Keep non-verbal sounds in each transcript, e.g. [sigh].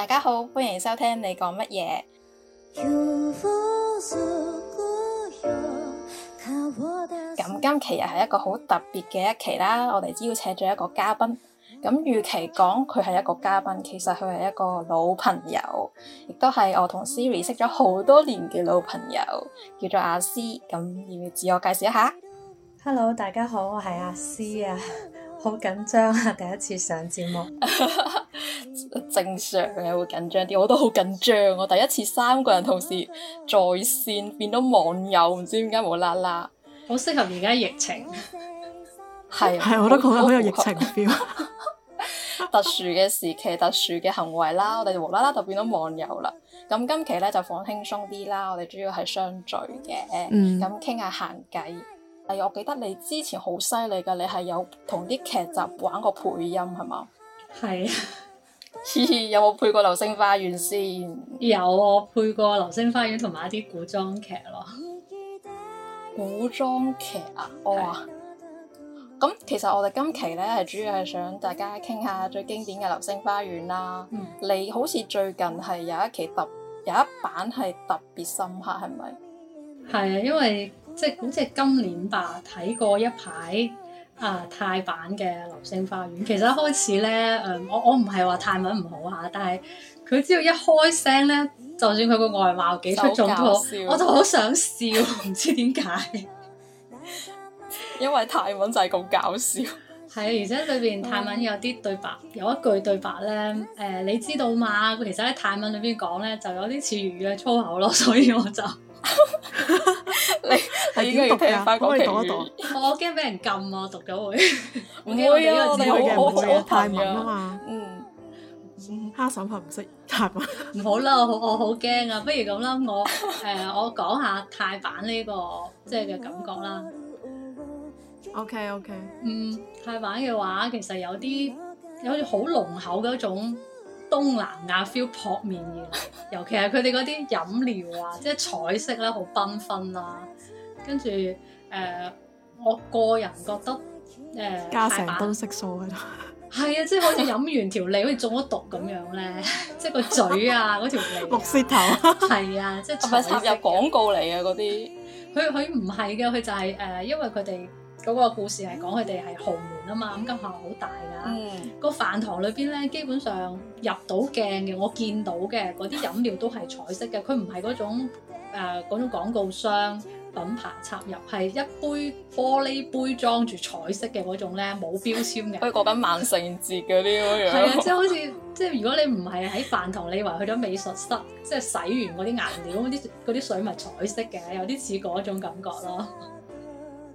大家好，歡迎收聽你講乜嘢。咁今期又係一個好特別嘅一期啦，我哋邀請咗一個嘉賓。咁與其講佢係一個嘉賓，其實佢係一個老朋友，亦都係我同 Siri 識咗好多年嘅老朋友，叫做阿詩。咁要唔要自我介紹一下？Hello，大家好，我係阿詩啊，好緊張啊，第一次上節目。 [laughs] 正常嘅會緊張啲，我都好緊張。我第一次三個人同時在線，變到網友，唔知點解無啦啦。好適合而家疫情，係係，我都覺得好有疫情，特殊嘅時期，特殊嘅行為啦，我哋就無啦啦就變到網友啦。咁 [laughs] 今期咧就放輕鬆啲啦，我哋主要係相聚嘅，咁傾下閒偈。誒，我記得你之前好犀利噶，你係有同啲劇集玩過配音係嘛？係啊。 [laughs] [laughs] 嘻嘻， [laughs] 有冇配過流星花園先？有啊，我配過流星花園同埋一啲古裝劇咯。古裝劇啊，哇、Oh. 是！咁其實我哋今期咧係主要係想大家傾下最經典嘅流星花園啦。嗯、你好似最近係有一期特，有一版係特別深刻，係咪？係啊，因為即係、就是、好似係今年吧，睇過一排。啊泰版嘅流星花園其實一開始咧，誒、嗯、我我唔係話泰文唔好吓，但係佢只要一開聲咧，就算佢個外貌幾出眾都好，笑。我就好想笑，唔 [laughs] 知點解，因為泰文就係咁搞笑。係啊， [laughs] 而且裏邊泰文有啲對白，嗯、有一句對白咧，誒、呃、你知道嗎？其實喺泰文裏邊講咧，就有啲似粵語嘅粗口咯，所以我就。你你點讀啊？我驚俾人禁啊！讀咗會唔會啊？我哋好泰文啊嘛。嗯，哈嬸係唔識泰文。唔好啦，我我好驚啊！不如咁啦，我誒我講下泰版呢個即係嘅感覺啦。OK OK，嗯，泰版嘅話其實有啲有好似好濃厚嗰種。東南亞 feel 撲面而來，尤其係佢哋嗰啲飲料啊，即係彩色咧、啊，好繽紛啊。跟住誒，我個人覺得誒加、呃、成噸色素喺度，係 [laughs] 啊，即係好似飲完條脷好似中咗毒咁樣咧，即係個嘴啊嗰條脷綠色頭，係 [laughs] 啊，即係係咪插入廣告嚟啊嗰啲？佢佢唔係嘅，佢就係、是、誒、呃，因為佢哋。嗰個故事係講佢哋係豪門啊嘛，咁間學校好大㗎。嗯、個飯堂裏邊咧，基本上入到鏡嘅，我見到嘅嗰啲飲料都係彩色嘅，佢唔係嗰種誒嗰種、呃、廣告商品牌插入，係一杯玻璃杯裝住彩色嘅嗰種咧，冇標籤嘅。佢過緊萬聖節嗰啲咁樣。係啊，即係好似即係如果你唔係喺飯堂，你話去咗美術室，即係洗完嗰啲顏料嗰啲嗰啲水，咪彩色嘅，有啲似嗰種感覺咯。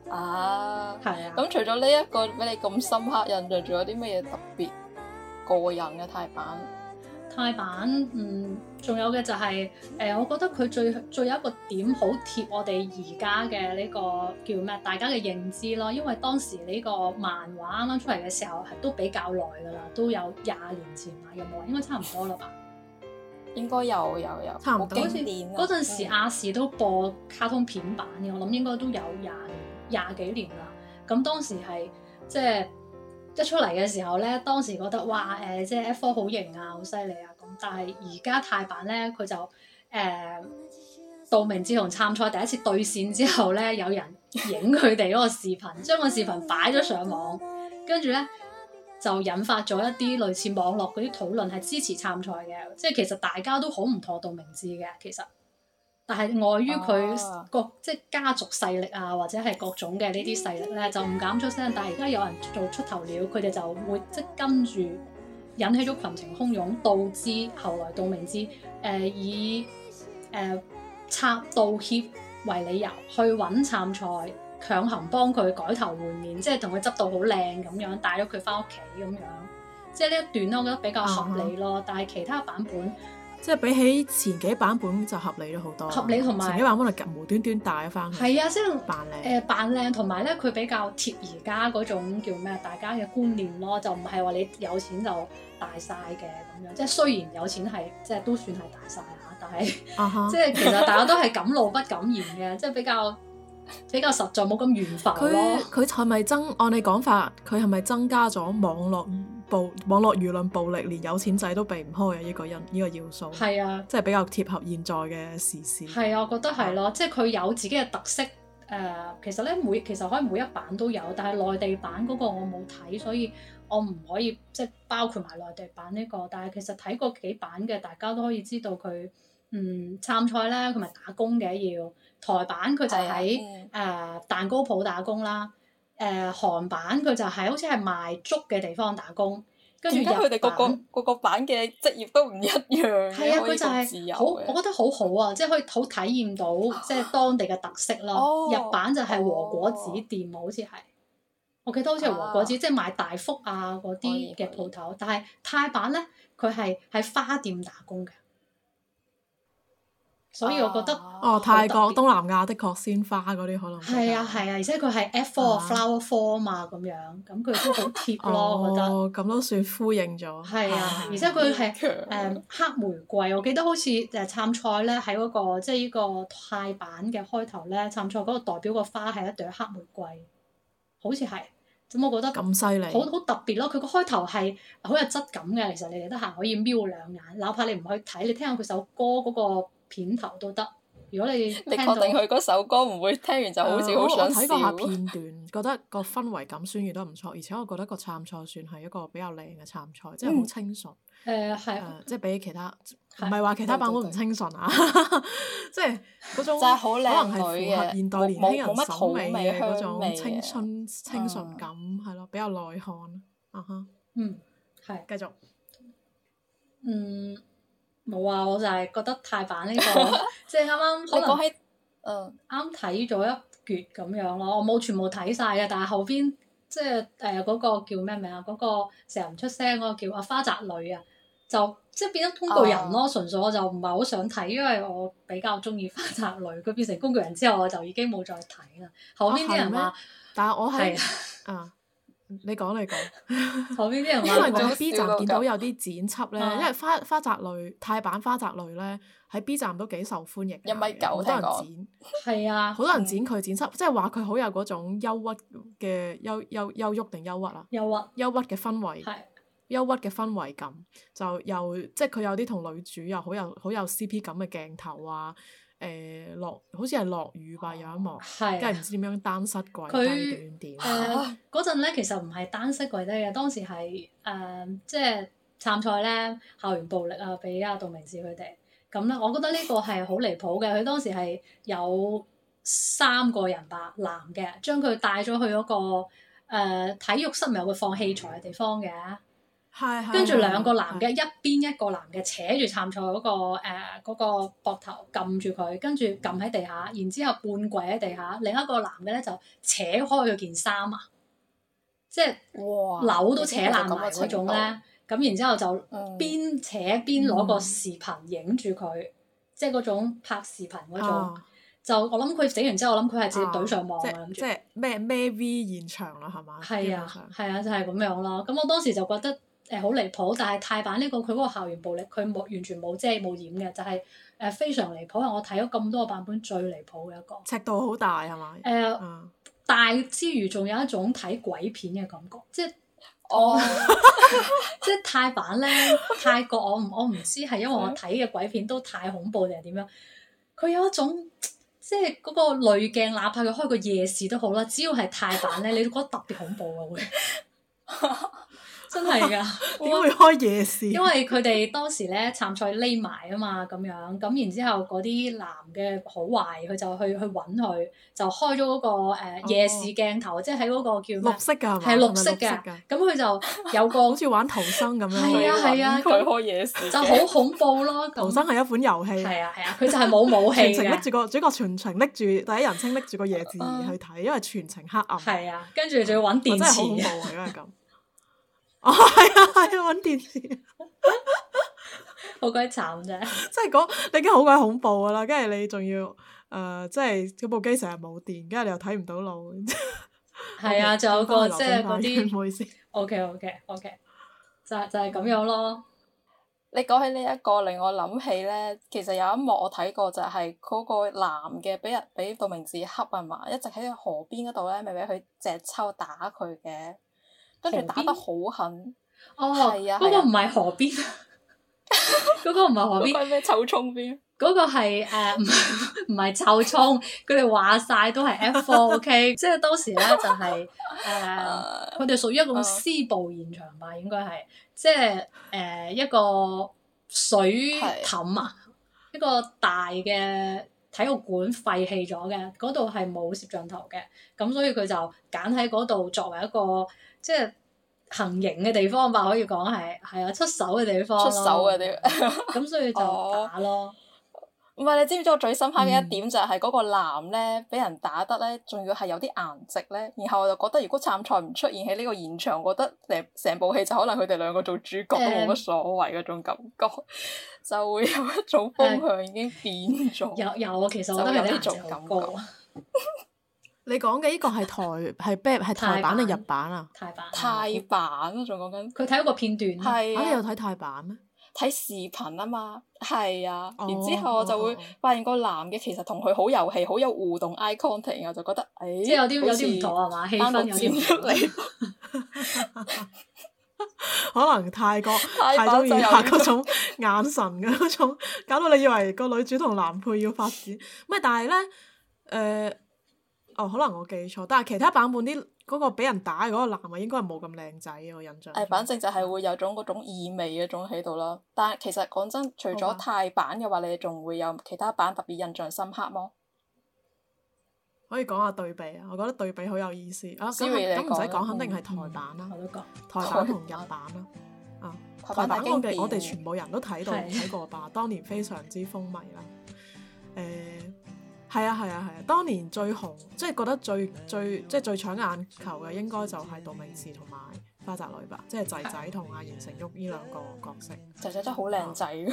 啊，係啊！咁、嗯、除咗呢一個俾你咁深刻印象，仲有啲乜嘢特別個人嘅泰版？泰版，嗯，仲有嘅就係、是、誒、呃，我覺得佢最最有一個點好貼我哋而家嘅呢個叫咩？大家嘅認知咯，因為當時呢個漫畫啱啱出嚟嘅時候係都比較耐噶啦，都有廿年前啊，有冇？應該差唔多啦吧？ [laughs] 應該有，有，有，有差唔多幾年。嗰陣像、啊、時亞視、嗯、都播卡通片版嘅，我諗應該都有廿。廿幾年啦，咁當時係即係一出嚟嘅時候咧，當時覺得哇誒、呃，即係 F4 好型啊，好犀利啊咁。但係而家泰版咧，佢就誒道、呃、明寺同參賽第一次對線之後咧，有人影佢哋嗰個視頻，將個視頻擺咗上網，跟住咧就引發咗一啲類似網絡嗰啲討論，係支持參賽嘅。即係其實大家都好唔妥道明寺嘅，其實。但係礙於佢個即係家族勢力啊，或者係各種嘅呢啲勢力咧，就唔敢出聲。但係而家有人做出，出頭鳥，佢哋就會即係跟住引起咗群情洶湧，導致後來道明寺，誒、呃、以誒賊、呃、道歉為理由，去揾杉菜強行幫佢改頭換面，即係同佢執到好靚咁樣，帶咗佢翻屋企咁樣。即係呢一段咯，我覺得比較合理咯。Uh huh. 但係其他版本。即係比起前幾版本就合理咗好多，合理同埋前幾版本就無端端大翻。係啊，即係扮靚，誒扮靚同埋咧佢比較貼而家嗰種叫咩？大家嘅觀念咯，就唔係話你有錢就大晒嘅咁樣。即係雖然有錢係即係都算係大晒嚇，但係、uh huh. 即係其實大家都係敢怒不敢言嘅， [laughs] 即係比較。比較實在冇咁懸浮咯。佢佢係咪增？按你講法，佢係咪增加咗網絡、嗯、暴網絡輿論暴力？連有錢仔都避唔開嘅呢個人呢、這個要素。係啊，即係比較貼合現在嘅時事。係啊，我覺得係咯，嗯、即係佢有自己嘅特色。誒、呃，其實咧每其實可以每一版都有，但係內地版嗰個我冇睇，所以我唔可以即係包括埋內地版呢、這個。但係其實睇過幾版嘅，大家都可以知道佢嗯參賽咧，佢咪打工嘅要。要台版佢就喺、是、誒、啊呃、蛋糕鋪打工啦，誒、呃、韓版佢就係好似係賣粥嘅地方打工，跟住日版，各個各個版嘅職業都唔一樣。係啊，佢就係、是、好，我覺得好好啊，即、就、係、是、可以好體驗到即係、就是、當地嘅特色啦。哦、日版就係和果子店好似係，哦、我記得好似係和果子，啊、即係賣大福啊嗰啲嘅鋪頭。以但係泰版咧，佢係喺花店打工嘅。所以我覺得、啊、哦，泰國東南亞的確鮮花嗰啲可能係啊係啊，而且佢係 F4、啊、Flower Four 嘛咁樣，咁佢都好貼咯， [laughs] 哦、我覺得咁都算呼應咗。係啊，而且佢係誒黑玫瑰，我記得好似誒《慘、呃、賽》咧，喺嗰、嗰個即係呢個泰版嘅開頭咧，《慘賽》嗰個代表個花係一朵黑玫瑰，好似係。咁、嗯、我覺得咁犀利，好好特別咯！佢個開頭係好有質感嘅，其實你哋得閒可以瞄兩眼，哪怕你唔去睇，你聽下佢首歌嗰、嗰個。片頭都得，如果你你確定佢嗰首歌唔會聽完就好似好想笑。我睇過下片段，覺得個氛圍感、宣意都唔錯，而且我覺得個杉菜算係一個比較靚嘅杉菜，即係好清純。誒，係，即係比其他，唔係話其他版本唔清純啊，即係嗰種即係好靚，可能係符合現代年輕人審美嘅嗰種青春清純感，係咯，比較耐看。啊哈，嗯，係，繼續，嗯。冇啊！我就係覺得泰版呢個， [laughs] 即係啱啱可能講起，啱睇咗一橛咁樣咯，我冇全部睇晒嘅，但係後邊即係誒嗰個叫咩名、那個那個、叫啊？嗰個成日唔出聲嗰個叫阿花澤類啊，就即係變咗工具人咯。純粹、啊、我就唔係好想睇，因為我比較中意花澤類，佢變成工具人之後，我就已經冇再睇啦。後邊啲人話、啊，但係我係是啊。 [laughs] 你講你講，旁邊啲人因為我喺 B 站見到有啲剪輯咧， [laughs] 因為花花澤類泰版花澤類咧喺 B 站都幾受歡迎，好多人剪，係啊，好多人剪佢、啊、剪，剪輯，即係話佢好有嗰種憂鬱嘅憂憂憂鬱定憂鬱啊，憂鬱，憂鬱嘅氛圍，憂鬱嘅氛圍感，的就又即係佢有啲同女主又好有好有 CP 感嘅鏡頭啊。誒、呃、落好似係落雨吧，有一幕，梗係唔知樣膝鬼他點樣單膝跪，低、呃。斷點嗰陣咧，其實唔係單膝跪低嘅，當時係誒、呃、即係參賽咧，校園暴力啊，俾阿道明寺佢哋咁咧，我覺得呢個係好離譜嘅。佢當時係有三個人吧，男嘅將佢帶咗去嗰、那個誒、呃、體育室，咪有個放器材嘅地方嘅。跟住兩個男嘅一邊一個，男嘅扯住杉菜嗰個誒、嗰個膊頭，撳住佢，跟住撳喺地下，然之後半跪喺地下。另一個男嘅咧就扯開佢件衫啊，即係，哇，扭都扯爛埋嗰種咧。咁然之後就邊扯邊攞個視頻影住佢，即係嗰種拍視頻嗰種。就我諗佢死完之後，我諗佢係直接懟上網啦。即係咩咩 V 現場啦，係嘛？係啊，係啊，就係咁樣咯。咁我當時就覺得。誒好、呃、離譜，但係泰版呢，這個佢嗰個校園暴力，佢冇完全冇即係冇掩嘅，就係、是、誒非常離譜啊！我睇咗咁多個版本，最離譜嘅一個，尺度好大係嘛？誒，大之餘仲有一種睇鬼片嘅感覺，即係我 [laughs] 即係泰版咧，泰國我唔我唔知係因為我睇嘅鬼片都太恐怖定係點樣？佢有一種即係嗰個濾鏡，哪怕佢開個夜市都好啦，只要係泰版咧，你都覺得特別恐怖嘅會。 [laughs] 真係噶，點會開夜視？因為佢哋當時咧，杉菜匿埋啊嘛，咁樣咁，然之後嗰啲男嘅好壞，佢就去去揾佢，就開咗嗰個夜視鏡頭，即係喺嗰個叫咩？綠色㗎係嘛？係綠色嘅。咁佢就有個。好似玩逃生咁樣。係啊係啊！佢開夜視。就好恐怖咯！逃生係一款遊戲。係啊係啊！佢就係冇武器嘅。全程拎住個主角，全程拎住第一人稱，拎住個夜視去睇，因為全程黑暗。係啊，跟住仲要揾電池。真係好恐怖啊！因為咁。哦，係啊，係啊，搵電，好鬼慘啫！即係講你已經好鬼恐怖噶啦，跟住你仲要誒，即係嗰部機成日冇電，跟住你又睇唔到路，係啊，仲有個即係嗰啲，唔好意思，O K O K O K，就就係咁樣咯。你講起呢一個，令我諗起咧，其實有一幕我睇過就係嗰個男嘅俾人俾道明寺恰啊嘛，一直喺河邊嗰度咧，咪俾佢隻抽打佢嘅。跟住打得好狠哦！嗰個唔係河邊，嗰個唔係河邊咩？臭涌邊？嗰個係誒，唔係唔係臭涌。佢哋話晒都係 F four O K，即係當時咧就係誒，佢哋屬於一種施暴現場吧，應該係即係誒一個水凼啊，一個大嘅。體育館廢棄咗嘅，嗰度係冇攝像頭嘅，咁所以佢就揀喺嗰度作為一個即係行刑嘅地方吧，可以講係係啊出手嘅地，地方，出手嘅地方，咁所以就打咯。唔係、嗯、你知唔知我最深刻嘅一點就係嗰個男咧，俾人打得咧，仲要係有啲顏值咧，然後我就覺得如果杉菜唔出現喺呢個現場，我覺得成成部戲就可能佢哋兩個做主角都冇乜所謂嗰種感覺，嗯、就會有一種風向已經變咗。有、嗯嗯、有，其實我覺得有啲咁感覺。 [laughs] 你講嘅依個係台係咩係台版定日版啊？泰版。泰版啊！仲講緊佢睇一個片段、啊。係。嚇！你有睇泰版咩？睇視頻啊嘛，係啊，oh、然之後我就會發現個男嘅其實同佢好遊戲，好有互動 eye contact，然後我就覺得，誒、哎，即係有啲唔妥係嘛？氣氛像有演出嚟，可能泰國 [laughs] 太中意拍嗰種眼神嘅嗰種，搞到你以為個女主同男配要發展，咩？但係咧，誒、嗯，哦，可能我記錯，但係其他版本啲。嗰個俾人打嗰個男啊，應該係冇咁靚仔嘅，我印象。誒，反正就係會有種嗰種意味嘅種喺度啦。但係其實講真，除咗泰版嘅話，哦、你哋仲會有其他版特別印象深刻麼？可以講下對比啊！我覺得對比好有意思。咁咁唔使講，嗯、肯定係台版啦。我都講。台版同日版啦。 [laughs] 啊！台版、啊、我哋我哋全部人都睇到睇 [laughs] 過吧？當年非常之風靡啦。誒、啊。呃係 [music] 啊係啊係啊，啊！當年最紅，即係覺得最最即係最搶眼球嘅，應該就係道明寺同埋花澤類吧，即係仔仔同阿言承旭呢兩個角色。仔仔真係好靚仔，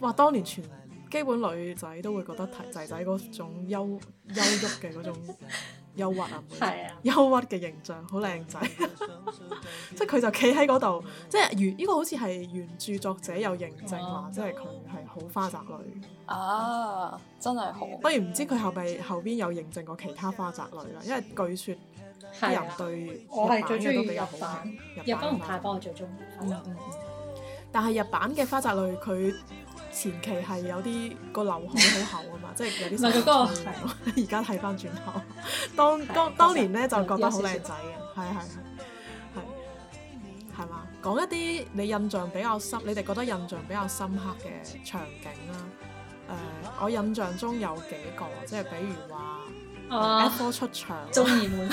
哇、 [music] 啊！當年全基本女仔都會覺得睇仔仔嗰種憂憂鬱嘅嗰種。 [laughs] 憂鬱啊，啊憂鬱嘅形象好靚仔，即係佢就企喺嗰度，即係原依個好似係原著作者有認證話，即係佢係好花澤類啊，真係好。不如唔知佢係咪後邊有認證過其他花澤類啦，因為據説啲、啊、人對我係最中意日版，日版唔太幫我最中意。嗯嗯、但係日版嘅花澤類佢。前期係有啲個劉海好厚啊嘛，即係有啲。細個而家睇翻轉頭，當當當年咧就覺得好靚仔嘅，係係係係嘛？講一啲你印象比較深，你哋覺得印象比較深刻嘅場景啦。誒、 [laughs] 嗯，我印象中有幾個，即係比如話，阿、啊、哥出場，忠義門。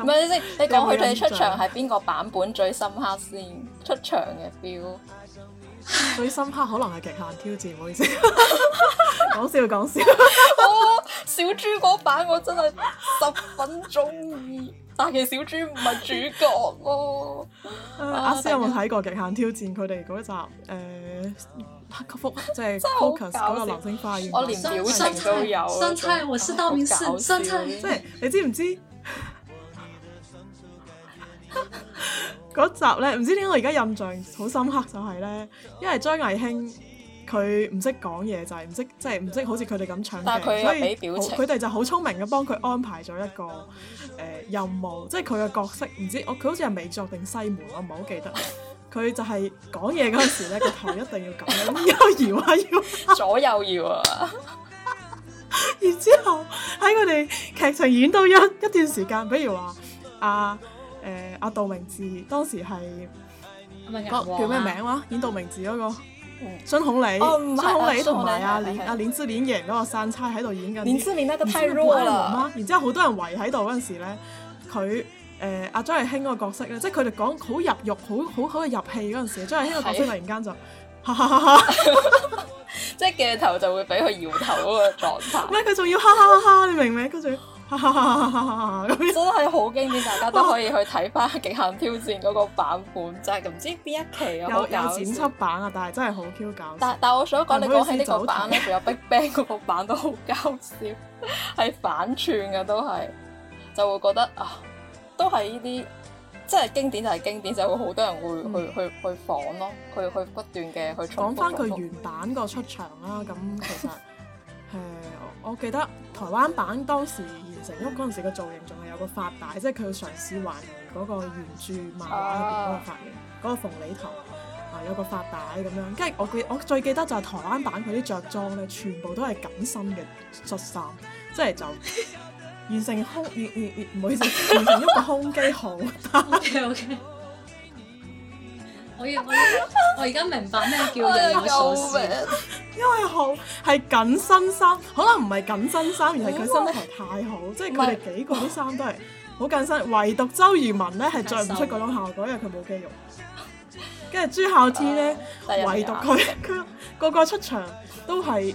唔係，你你講佢哋出場係邊個版本最深刻先？出場嘅 feel 最深刻可能係極限挑戰，唔好意思，講笑講笑。小豬嗰版我真係十分中意，但係其實小豬唔係主角。阿詩有冇睇過極限挑戰佢哋嗰一集？誒，黑皮膚即係 focus 嗰個流星花園，我連表情都有。酸菜，我是道明寺。酸菜，即係你知唔知？嗰集咧，唔知點解我而家印象好深刻就係咧，因為張藝興佢唔識講嘢就係唔識，即係唔識好似佢哋咁唱，所以佢哋就好聰明嘅幫佢安排咗一個誒任務，即係佢嘅角色，唔知我佢好似係美作定西門，我唔係好記得。佢就係講嘢嗰陣時咧，個頭一定要咁搖搖啊，要左右搖啊，然之後喺佢哋劇情演到一一段時間，比如話啊。誒阿杜明治當時係叫咩名啊？演杜明治嗰個孫紅雷，孫紅雷同埋阿林阿林志玲贏嗰個杉菜喺度演緊。林志玲那個太弱啦，然之後好多人圍喺度嗰陣時咧，佢誒阿張藝興嗰個角色咧，即係佢哋講好入肉，好好好嘅入戲嗰陣時，張藝興個角色突然間就哈哈哈，哈，即係鏡頭就會俾佢搖頭嗰個狀態，唔係佢仲要哈哈哈，哈，你明唔明？仲要。哈哈哈！咁 [laughs] [laughs] 真係好經典，大家都可以去睇翻《極限挑戰》嗰個版本，就係唔知邊一期啊，有有剪輯版啊，但係真係好 Q 搞笑但。但但係我想講， [laughs] 你講起呢個版咧，仲 [laughs] 有 BigBang 嗰個版都好搞笑，係反串嘅都係， [laughs] 就會覺得啊，都係呢啲即係經典就係經典，就會好多人會去、嗯、去去仿咯，去去不斷嘅去重複。講翻佢原版個出場啦，咁其實。 [laughs] 我記得台灣版當時完成喐嗰陣時嘅造型，仲係有個髮帶，即係佢要嘗試還原嗰個原著漫畫入邊嗰個髮型，嗰、嗰個鳳梨頭啊，有個髮帶咁樣。跟住我記，我最記得就係台灣版佢啲着裝咧，全部都係緊身嘅恤衫，即係就完成胸，唔好意思，完成喐個胸肌好。 [laughs] [laughs] 我而我而家明白咩叫人海所。 [laughs] 因為好係緊身衫，可能唔係緊身衫，而係佢身材太好， [laughs] 即係佢哋幾個啲衫都係好緊身， [laughs] 唯獨周渝民咧係着唔出嗰種效果，因為佢冇肌肉。跟住朱孝天咧， [laughs] 人唯獨佢佢個個出場都係。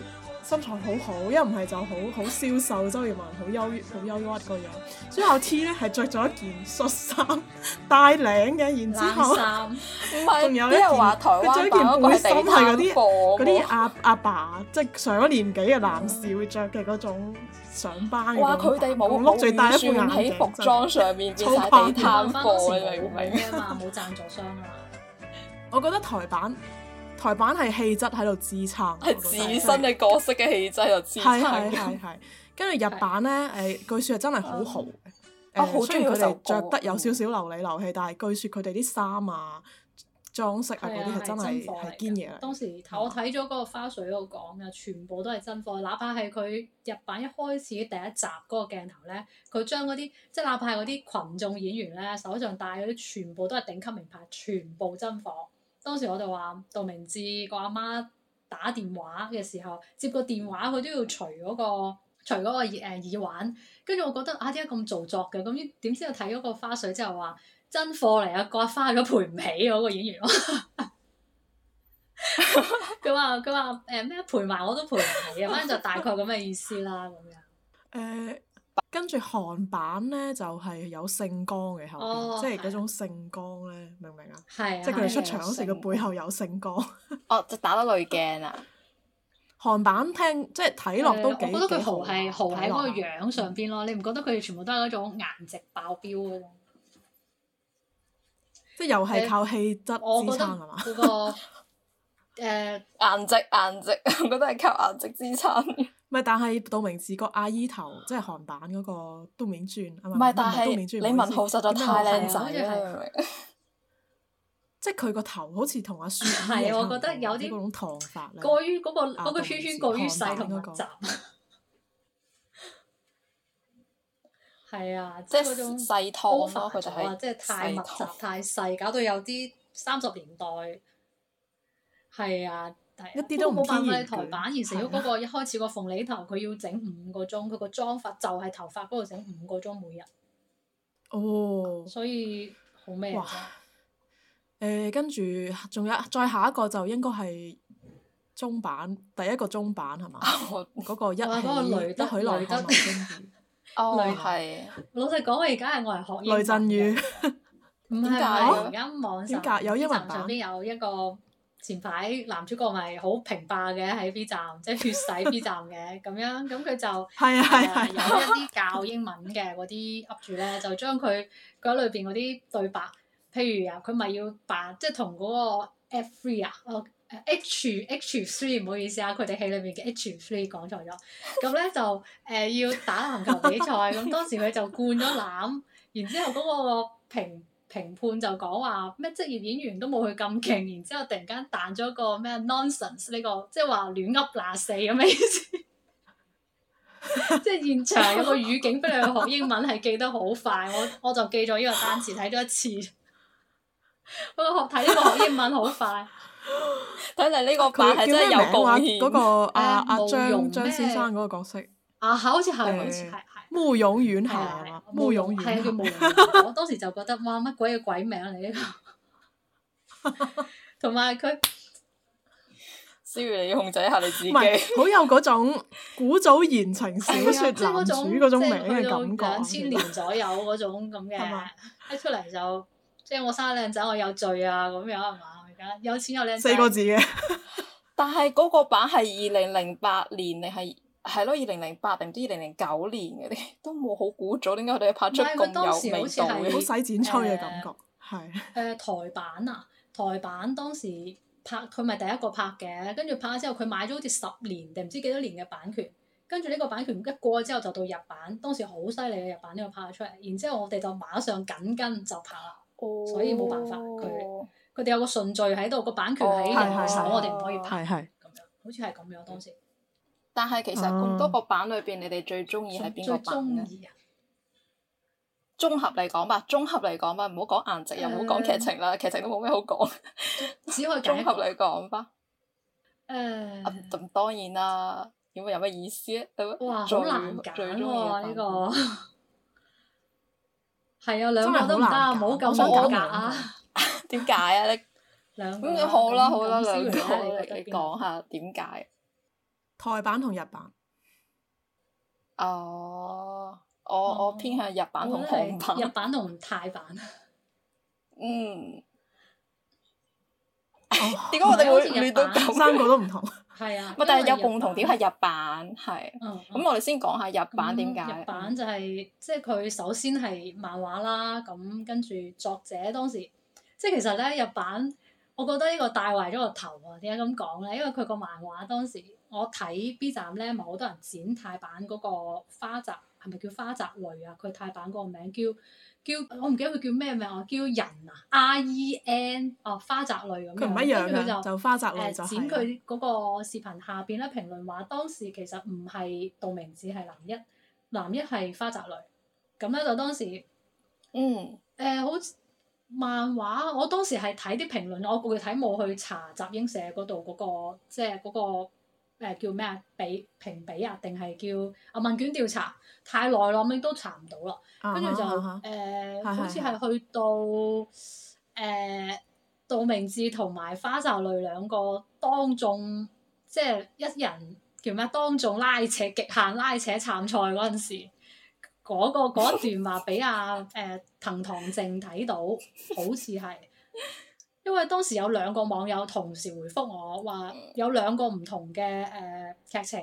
身材好好，一唔係就好好消瘦。周渝民好憂好憂鬱個樣。之後 T 咧係着咗一件恤衫，大領嘅，然之後仲有佢着一件背心係嗰啲嗰啲阿阿爸，即係上咗年紀嘅男士會着嘅嗰種上班。佢哋冇碌住戴一副眼鏡喺服裝上面，好怕攤貨啊！明唔明啊？冇贊助商啊！我覺得台版。台版係氣質喺度支撐，係自身嘅角色嘅氣質喺度支撐。係係係跟住日版咧，誒，據説係真係好豪，我好中意佢哋着得有少少流裏流氣，但係據説佢哋啲衫啊、裝飾啊嗰啲係真係係堅嘢。當時我睇咗嗰個花絮嗰個講嘅，全部都係真貨，哪怕係佢日版一開始第一集嗰個鏡頭咧，佢將嗰啲即係哪怕係嗰啲群眾演員咧，手上戴嗰啲，全部都係頂級名牌，全部真貨。當時我就話道明寺個阿媽,媽打電話嘅時候，接個電話佢都要除嗰、那個，除嗰、欸、耳誒耳環，跟住我覺得啊點解咁做作嘅？咁點知去睇嗰個花絮之後話真貨嚟啊，刮花咗賠唔起嗰個演員，佢話佢話咩？賠埋、欸、我都賠唔起，反正就大概咁嘅意思啦咁樣。跟住韓版咧，就係、是、有聖光嘅後邊，oh, 即係嗰種聖光咧，明唔明啊？係。啊、即係佢哋出場嗰時，個背後有聖光。哦，就打得濾鏡啊！韓版聽即係睇落都幾、嗯，我覺得佢豪係豪喺嗰個樣上邊咯。你唔覺得佢哋全部都係嗰種顏值爆表嗰、嗯、即係又係靠氣質支撐係嘛？嗰個誒顏值顏值，我覺得係、那個嗯、 [laughs] 靠顏值支撐。咪但係道明寺個阿姨頭，即係韓版嗰個冬麵轉啊嘛。唔係，但係李敏鎬實在太靚仔啦！即係佢個頭好似同阿雪。係啊，我覺得有啲嗰種燙髮咧，過於嗰個嗰個圈圈過於細，咁密集。係啊，即係嗰種高發密度啊！即係太密集、太細，搞到有啲三十年代。係啊。一啲都冇辦法台版，而成咗嗰個一開始個鳳梨頭，佢要整五個鐘，佢個妝髮就係頭髮嗰度整五個鐘每日。哦。所以好咩？哇！誒，跟住仲有，再下一個就應該係中版，第一個中版係嘛？嗰個一米得許樂，我唔中意。哦，係。老實講，我而家係我係學。雷震宇。唔係唔係，而家網上邊有一個。前排男主角咪好平霸嘅喺 B 站，即、就、係、是、血洗 B 站嘅咁樣，咁佢就係有一啲教英文嘅嗰啲 up 主啦，就將佢佢喺裏邊嗰啲對白，譬如啊，佢咪要扮即係同嗰個 F three 啊，哦、oh, H H three 唔好意思啊，佢哋戲裏面嘅 H three 講錯咗，咁 [laughs] 呢，就誒、呃、要打籃球比賽，咁當時佢就灌咗籃，然之後嗰個屏。評判就講話咩職業演員都冇佢咁勁，然之後突然間彈咗個咩 nonsense 呢個，即係話亂噏廿四咁嘅意思。 [laughs] 即係現場個語境，畀你去學英文係記得好快。我我就記咗呢個單詞睇咗一次。不過學睇呢個學英文好快，睇嚟呢個版係真係有貢獻。佢叫咩名啊？嗰個阿阿張張先生嗰個角色。啊，好似係，好似係，係。慕容遠係嘛？慕容遠。係叫慕容，我當時就覺得，哇，乜鬼嘅鬼名嚟呢個？同埋佢，Siri 你要控制一下你自己。唔係，好有嗰種古早言情小説男主嗰種名嘅感覺。兩千年左右嗰種咁嘅，一出嚟就，即係我生靚仔，我有罪啊咁樣係嘛？而家有錢有靚仔。四個字嘅。但係嗰個版係二零零八年，你係。係咯，二零零八定唔知二零零九年嗰啲都冇好古早，點解我哋拍出咁有味道嘅？當時好似係好洗剪吹嘅感覺，係、呃。誒、呃呃、台版啊，台版當時拍佢咪第一個拍嘅，跟住拍咗之後，佢買咗好似十年定唔知幾多年嘅版權。跟住呢個版權一過之後，就到日版，當時好犀利嘅日版呢個拍咗出嚟。然之後我哋就馬上緊跟就拍啦，哦、所以冇辦法佢。佢哋有個順序喺度，個版權喺人手，哦啊、我哋唔可以拍，係咁樣，好似係咁樣當時樣。嗯但係其實咁多個版裏面，你哋最中意係邊個版咧？綜合嚟講吧，綜合嚟講吧，唔好講顏值，又唔好講劇情啦，劇情都冇咩好講。只可以綜合嚟講吧。誒，咁當然啦，如果有咩意思咧？哇，好難揀喎呢個。係啊，兩個都唔得，唔好咁難夾。點解啊？你，咁好啦好啦，兩個你講下點解？台版同日版，哦、uh,，我我偏向日版同韓版，日版同泰版， [laughs] 嗯，點解、oh. [laughs] 我哋是會面對三個都唔同？係啊，唔 [laughs] 不但係有共同點係日版，係，咁、嗯嗯、我哋先講下日版點解？日版就係、是、即係佢首先係漫畫啦，咁跟住作者當時，即係 [laughs] 其實咧日版，我覺得呢個帶壞咗個頭啊！點解咁講咧？因為佢個漫畫當時。我睇 B 站咧，咪好多人剪泰版嗰個花澤，係咪叫花澤類啊？佢泰版嗰個名叫叫我唔記得佢叫咩名啊，叫人啊，R E N 哦、啊，花澤類咁樣。佢唔一樣佢就，就花澤類就。剪佢嗰個視頻下邊咧，評論話當時其實唔係道明寺係男一，男一係花澤類。咁咧就當時，嗯，誒、呃、好漫畫，我當時係睇啲評論，我會我睇冇去查集英社嗰度嗰個即係嗰個。就是那個誒、嗯、叫咩啊？比評比啊，定係叫啊問卷調查？太耐咯，咁都查唔到啦。跟住、uh、就誒、uh uh uh 呃，好似係去到誒道、uh uh uh. 呃、明寺同埋花澤類兩個當眾，即、就、係、是、一人叫咩？當眾拉扯極限拉扯參賽嗰陣時，嗰段話俾阿誒藤堂靜睇到，好似係。因為當時有兩個網友同時回覆我，話有兩個唔同嘅誒、呃、劇情，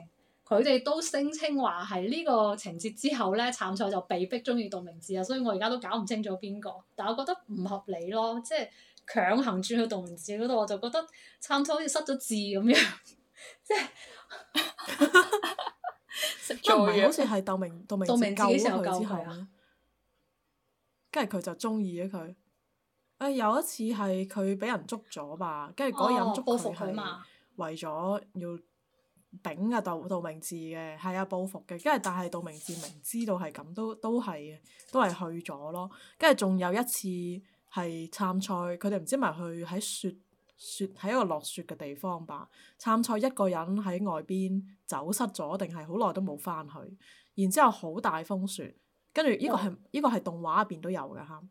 佢哋都聲稱話係呢個情節之後呢杉菜就被逼中意道明寺啊，所以我而家都搞唔清楚邊個，但我覺得唔合理咯，即係強行轉去道明寺嗰度，我就覺得杉菜好似失咗智咁樣，即係，唔 [laughs] 係 [laughs] 是 [laughs] 好似係道明道明寺救咗佢之後，跟住佢就中意咗佢。誒、哎、有一次係佢俾人捉咗吧，跟住嗰人捉佢係為咗要頂啊道道明寺嘅，係啊報復嘅。跟住但係道明寺明知道係咁，都都係都係去咗咯。跟住仲有一次係杉菜，佢哋唔知咪去喺雪雪喺一個落雪嘅地方吧。杉菜一個人喺外邊走失咗，定係好耐都冇翻去。然之後好大風雪，跟住依個係依個係動畫入邊都有㗎哈。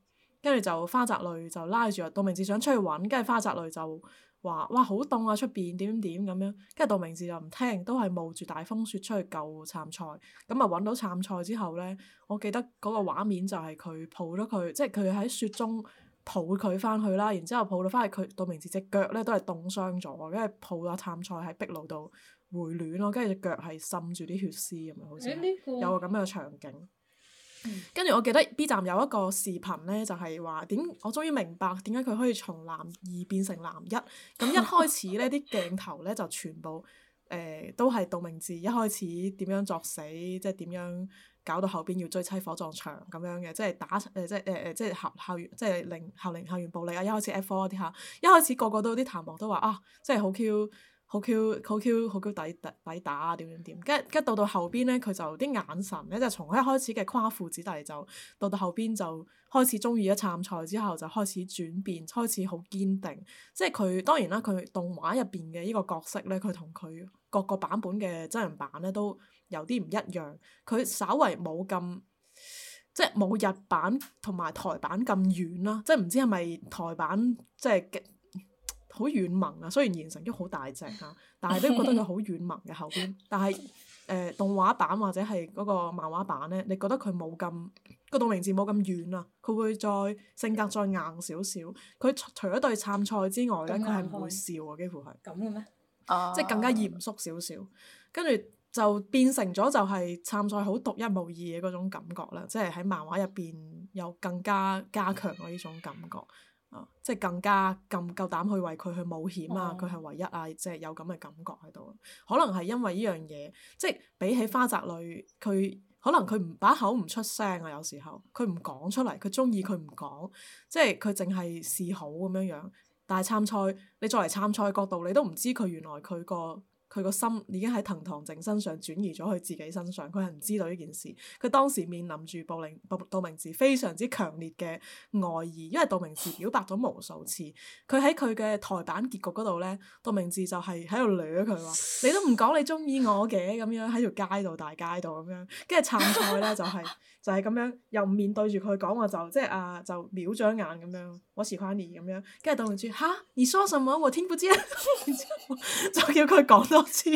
跟住就花澤類就拉住阿道明寺想出去揾，跟住花澤類就話：哇，好凍啊，出邊點點點咁樣，怎樣。跟住道明寺就唔聽，都係冒住大風雪出去救杉菜。咁啊揾到杉菜之後呢，我記得嗰個畫面就係佢抱咗佢，即係佢喺雪中抱佢翻去啦。然之後抱到翻去，佢道明寺隻腳呢都係凍傷咗，跟住抱咗杉菜喺壁爐度回暖咯。跟住隻腳係滲住啲血絲咁樣，好似有個咁樣嘅場景。嗯、跟住我記得 B 站有一個視頻呢，就係話點，我終於明白點解佢可以從男二變成男一。咁一開始呢啲鏡 [laughs] 頭呢，就全部誒、呃、都係道明寺一開始點樣作死，即係點樣搞到後邊要追妻火葬場咁樣嘅，即係打誒即係誒誒即係校校園，即係、呃、校凌校園暴力啊！一開始 F4 啲嚇，一開始個個，個都有啲彈幕都話啊，即係好 Q。好 Q 好 Q 好 Q 抵抵抵打啊點點點，跟住跟住到到後邊呢，佢就啲眼神呢，就從一開始嘅夸父子弟，弟，就到到後邊就開始中意咗杉菜之後，就開始轉變，開始好堅定。即係佢當然啦，佢動畫入邊嘅呢個角色呢，佢同佢各個版本嘅真人版呢，都有啲唔一樣。佢稍為冇咁即係冇日版同埋台版咁遠啦，即係唔知係咪台版即係好軟萌啊！雖然言承旭都好大隻啊，但係都覺得佢好軟萌嘅後邊。但係誒、呃、動畫版或者係嗰個漫畫版呢，你覺得佢冇咁個道明寺冇咁軟啊？佢會再性格再硬少少。佢除咗對杉菜之外呢，佢係唔會笑啊，幾乎係咁嘅咩？哦，即更加嚴肅少少，跟住就變成咗就係杉菜好獨一無二嘅嗰種感覺啦。即係喺漫畫入邊有更加加強嘅呢種感覺。啊！即更加咁夠膽去為佢去冒險啊！佢係唯一啊！即係有咁嘅感覺喺度，可能係因為依樣嘢，即比起花澤類，佢可能佢唔把口唔出聲啊！有時候佢唔講出嚟，佢中意佢唔講，即佢淨係示好咁樣樣。但係參賽，你作為參賽角度，你都唔知佢原來佢個。佢個心已經喺藤堂靜身上轉移咗去自己身上，佢係唔知道呢件事。佢當時面臨住布令道明寺非常之強烈嘅愛意，因為道明寺表白咗無數次。佢喺佢嘅台版結局嗰度呢，道明寺就係喺度掠佢話：你都唔講你中意我嘅咁樣，喺條街度大街度咁樣，跟住杉菜呢，就係、是。就係咁樣，又唔面對住佢講我就即係啊，就瞄咗一眼咁樣，我鍾意你咁樣，跟住導演住嚇，你說什麼？我聽唔知，就叫佢講多次。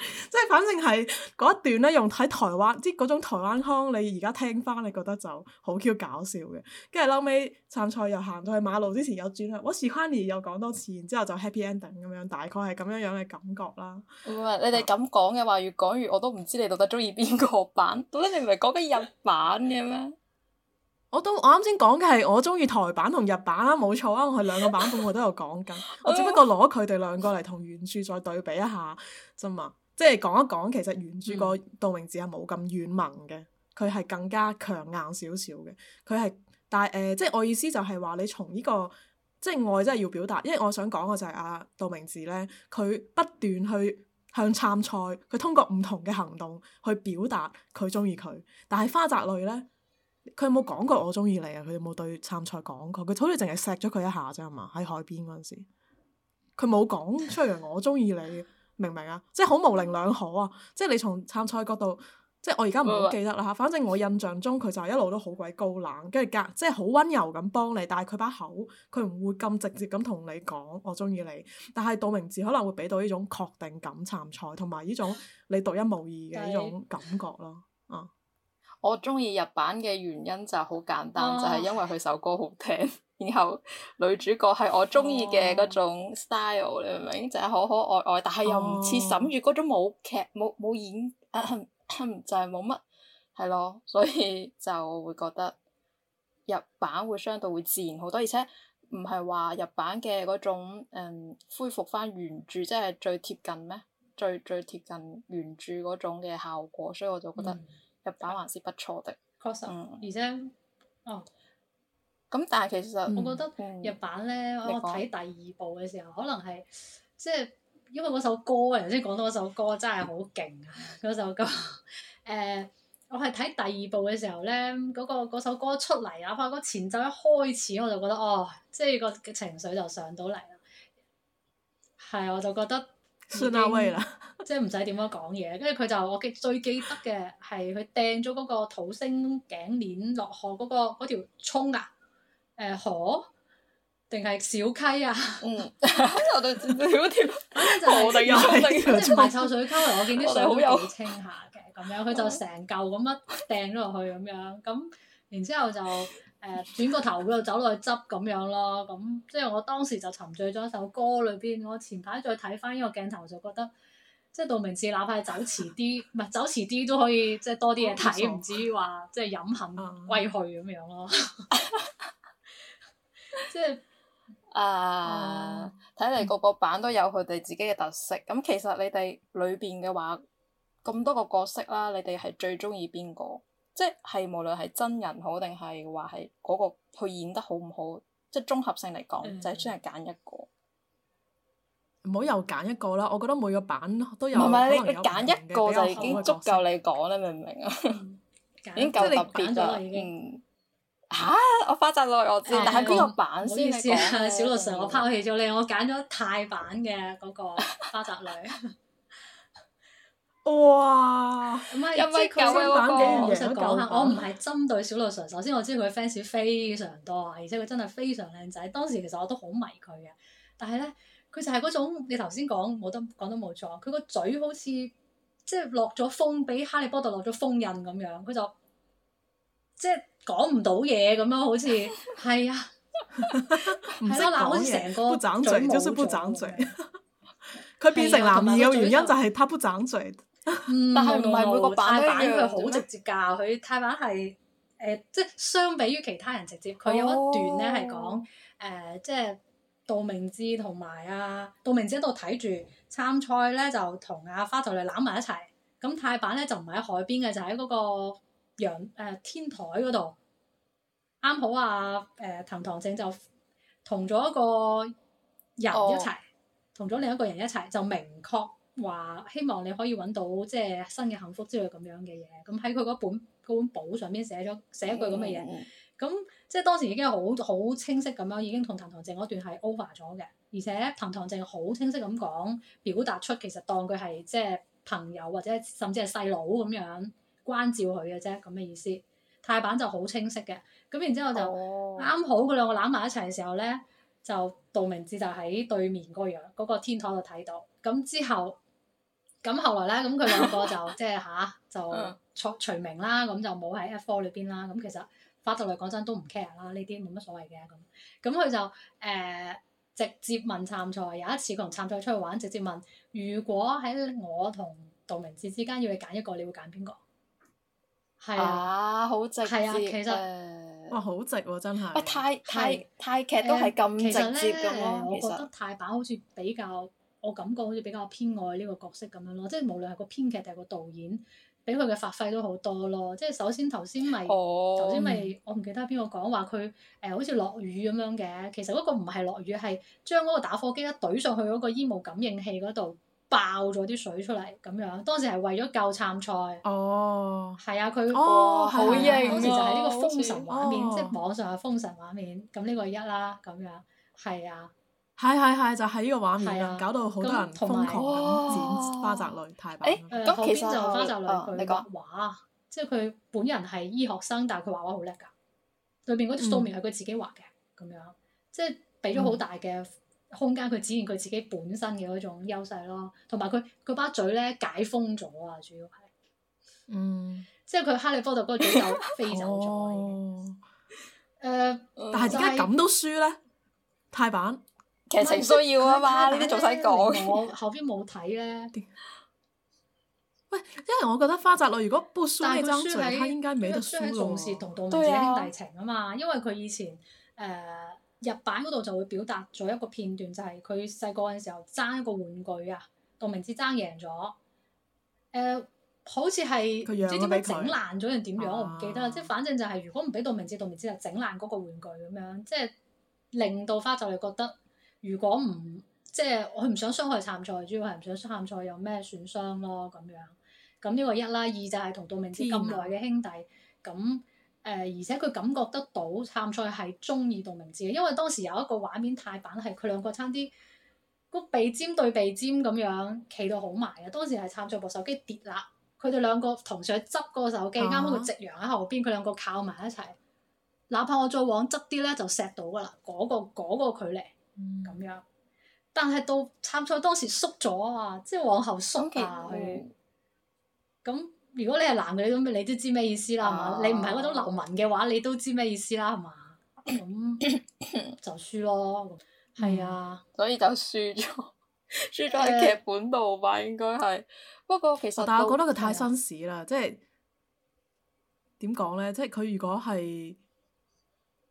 即係反正係嗰一段咧，用睇台灣即係嗰種台灣腔，你而家聽翻，你覺得就好 Q 搞笑嘅。跟住後尾杉菜又行到去馬路之前有轉啦，我斯昆尼又講多次，然之後就 Happy Ending 咁樣，大概係咁樣樣嘅感覺啦。唔係你哋咁講嘅話，越講越我都唔知你到底中意邊個版。到底你唔係講緊日版嘅咩 [laughs] ？我都我啱先講嘅係我中意台版同日版啦，冇錯啊！我係兩個版本我都有講緊，我只不過攞佢哋兩個嚟同原著再對比一下啫嘛。即係講一講，其實原著個道明寺係冇咁軟萌嘅，佢係更加強硬少少嘅。佢係但係誒、呃，即係我意思就係話你從呢、這個即係愛，真係要表達。因為我想講嘅就係阿道明寺咧，佢不斷去向杉菜，佢通過唔同嘅行動去表達佢中意佢。但係花澤類咧，佢有冇講過我中意你啊？佢有冇對杉菜講過？佢好似淨係錫咗佢一下啫嘛，喺海邊嗰陣時，佢冇講出嚟我中意你。明唔明啊？即係好模棱兩可啊！即係你從參賽角度，即係我而家唔係好記得啦嚇。喂喂，反正我印象中佢就一路都好鬼高冷，跟住隔即係好溫柔咁幫你。但係佢把口，佢唔會咁直接咁同你講我鍾意你。但係道明寺可能會俾到呢種確定感，參賽同埋呢種你獨一無二嘅呢種感覺咯。對嗯，我鍾意日版嘅原因就好簡單，啊、就係因為佢首歌好聽。然後女主角係我中意嘅嗰種 style，oh. 你明唔明？就係、是、可可愛愛，但係又唔似沈月嗰種冇劇，冇冇演，咳咳就係冇乜係咯，所以就會覺得日版會相對會自然好多，而且唔係話日版嘅嗰種，嗯，恢復翻原著，即、就、係、是、最貼近咩？最最貼近原著嗰種嘅效果，所以我就覺得日版還是不錯的。確實、mm. 嗯，而且哦。咁但係其實我覺得日版呢，嗯、我睇第二部嘅時候，說可能係即係因為嗰首歌，頭先講到嗰首歌真係好勁啊！嗰 [laughs] 首歌誒、呃，我係睇第二部嘅時候呢，嗰、那個嗰首歌出嚟啊，發覺前奏一開始我就覺得哦，即、就、係、是、個情緒就上到嚟啦，係我就覺得已經算即係唔使點樣講嘢，跟住佢就我記最記得嘅係佢掟咗嗰個土星頸鏈落河嗰、那個嗰條涌啊！誒河定係小溪啊？嗯，我哋跳一跳，反正就即係唔係臭水溝嚟？溝我見啲水好清下嘅，咁樣佢就成嚿咁一掟落去咁樣，咁然之後就誒轉個頭佢又走落去執咁樣咯。咁即係我當時就沉醉咗一首歌裏邊。我前排再睇翻呢個鏡頭就覺得，即係道明寺，哪怕走遲啲，唔係 [laughs] 走遲啲都可以，即係多啲嘢睇，唔至於話即係飲恨歸去咁樣咯。 [laughs] 即係，誒、 [laughs] 啊，睇嚟個個版都有佢哋自己嘅特色。咁、嗯、其實你哋裏邊嘅話，咁多個角色啦，你哋係最中意邊個？即係無論係真人好，定係話係嗰個佢演得好唔好？即係綜合性嚟講，嗯、就係只係揀一個。唔好又揀一個啦！我覺得每個版都有是可能揀一個就已經足夠你講啦，你明唔明啊？嗯、 [laughs] 已經夠特別咗，已經。嗯嗯嚇、啊！我花澤類我知，但係邊個版先嘅 Hello,、啊？小栗旬，我拋棄咗你，我揀咗泰版嘅嗰個花澤類。 [laughs] 哇！一米九嘅版竟然想米下。我唔係針對小栗旬，首先我知佢 fans 非常多，而且佢真係非常靚仔。當時其實我都好迷佢嘅，但係咧，佢就係嗰種你頭先講冇得講得冇錯，佢個嘴好似即係落咗封，俾哈利波特落咗封印咁樣，佢就。即係講唔到嘢咁樣，好似係 [laughs] 啊，唔識講嘢。不長 [laughs] 嘴就 [laughs] 是不長嘴。佢、嗯、變成男二嘅原因就係他不長嘴。 [laughs] 但係唔係每個版版佢好直接㗎，佢泰版係誒，即係相比於其他人直接，佢有一段咧係講誒，即係道明寺同埋啊道明寺喺度睇住杉菜咧，就同阿花澤類攬埋一齊。咁泰版咧就唔係喺海邊嘅，就喺、是、嗰、那個。陽天台嗰度，啱好啊！誒藤堂靜就同咗一個人一齊，同咗、oh. 另一個人一齊，就明確話希望你可以揾到即係新嘅幸福之類咁樣嘅嘢。咁喺佢嗰本嗰本簿上面寫咗寫一句咁嘅嘢，咁、oh. 即係當時已經好好清晰咁樣已經同藤堂靜嗰段係 over 咗嘅，而且藤堂靜好清晰咁講表達出其實當佢係即係朋友或者甚至係細佬咁樣，關照佢嘅啫，咁嘅意思。泰版就好清晰嘅，咁然之後就啱、oh. 好佢兩個攬埋一齊嘅時候呢，就杜明智就喺對面個樣嗰、那個天台度睇到。咁之後，咁後來呢，咁佢兩個就 [laughs] 即係嚇、啊、就 [laughs] 除，除名啦，咁就冇喺 f four 裏邊啦。咁其實法律嚟講真都唔 care 啦，呢啲冇乜所謂嘅咁。咁佢就誒、呃、直接問杉菜，有一次佢同杉菜出去玩，直接問如果喺我同杜明智之間要你揀一個，你會揀邊個？係啊，啊好直接、啊、其實，哇好直喎、啊、真係、啊，泰泰是泰，泰劇都係咁直接嘅、啊！呃、實我覺得泰版好似比較，我感覺好似比較偏愛呢個角色咁樣咯，即係無論係個編劇定係個導演，俾佢嘅發揮都好多咯，即係首先頭先咪頭先咪我唔記得邊個講話佢，誒、呃、好似落雨咁樣嘅，其實嗰個唔係落雨係將嗰個打火機一懟上去嗰個煙霧感應器嗰度。爆咗啲水出嚟咁樣，當時係為咗救參賽。哦。係啊，佢哦，好當時就係呢個封神畫面，即係網上嘅封神畫面。咁呢個一啦，咁樣係啊。係係係，就係呢個畫面啊，搞到好多人瘋狂咁剪花澤類太白。誒，咁後邊就花澤類畫畫，即係佢本人係醫學生，但係佢畫畫好叻㗎。裏面嗰啲素描係佢自己畫嘅，咁樣即係俾咗好大嘅。空間佢展現佢自己本身嘅嗰種優勢咯，同埋佢佢把嘴咧解封咗啊，主要係，要嗯，即係佢哈利波特嗰個嘴又飛走咗，誒、 [laughs] 哦，呃、但係而解咁都輸咧，泰版其實唔需要啊嘛，嘛你都仲使講？我 [laughs] 後邊冇睇咧。喂，因為我覺得花澤類如果不輸呢張嘴，佢應該冇得輸同道明寺兄弟情噶嘛，因為佢以前誒。呃呃日版嗰度就會表達咗一個片段，就係佢細個嘅時候爭一個玩具啊，道明寺爭贏咗，誒、呃，好似係唔知點解整爛咗定點樣，啊、我唔記得啦。即係反正就係如果唔俾道明寺，道明寺就整爛嗰個玩具咁樣，即係令到花就嚟覺得，如果唔即係佢唔想傷害杉菜，主要係唔想杉菜有咩損傷咯咁樣。咁呢個一啦，二就係同道明寺咁耐嘅兄弟，咁、啊。誒、呃，而且佢感覺得到，杉菜係中意道明寺嘅，因為當時有一個畫面太版，係佢兩個差啲個鼻尖對鼻尖咁樣企到好埋嘅。當時係杉菜部手機跌啦，佢哋兩個同時去執個手機，啱好個夕陽喺後邊，佢兩個靠埋一齊。哪怕我再往側啲呢，就錫到噶啦，嗰、那個距離咁、嗯、樣。但係到杉菜當時縮咗啊，即係往後縮下去。咁、嗯。如果你係男嘅，咁你都知咩意思啦，嚇、啊？你唔係嗰種流民嘅話，你都知咩意思啦，係嘛？咁就輸咯，係啊，所以就輸咗，嗯、輸咗喺劇本度吧，是的 應該係。不過其實但我但係覺得佢太紳士啦，即係點講咧？即係佢如果係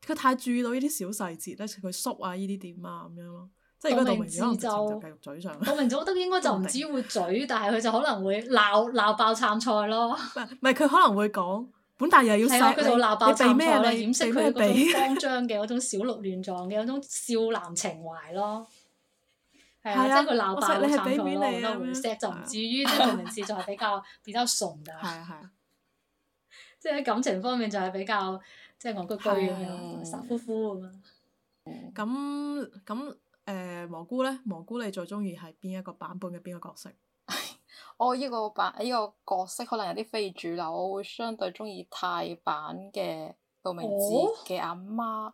佢太注意到呢啲小細節咧，佢縮啊呢啲點啊咁樣咯。即係道明寺就繼續明就覺得應該就唔至於會嘴，但係佢就可能會鬧鬧爆杉菜咯。唔係佢可能會講本大爺要收佢就鬧爆杉菜咧，掩飾佢嗰種慌張嘅、嗰種小鹿亂撞嘅、嗰種少男情懷咯。係啊，即係佢鬧爆你杉菜我咁得胡石就唔至於，即係道明寺就係比較比較聰嘅。係啊係。即係喺感情方面就係比較即係戇居居咁樣、傻乎乎咁啊。咁咁。誒蘑菇呢？蘑菇你最中意係邊一個版本嘅邊個角色？我依、 [laughs] 哦這個版依、這個角色可能有啲非主流，我會相對中意泰版嘅道明寺嘅阿媽，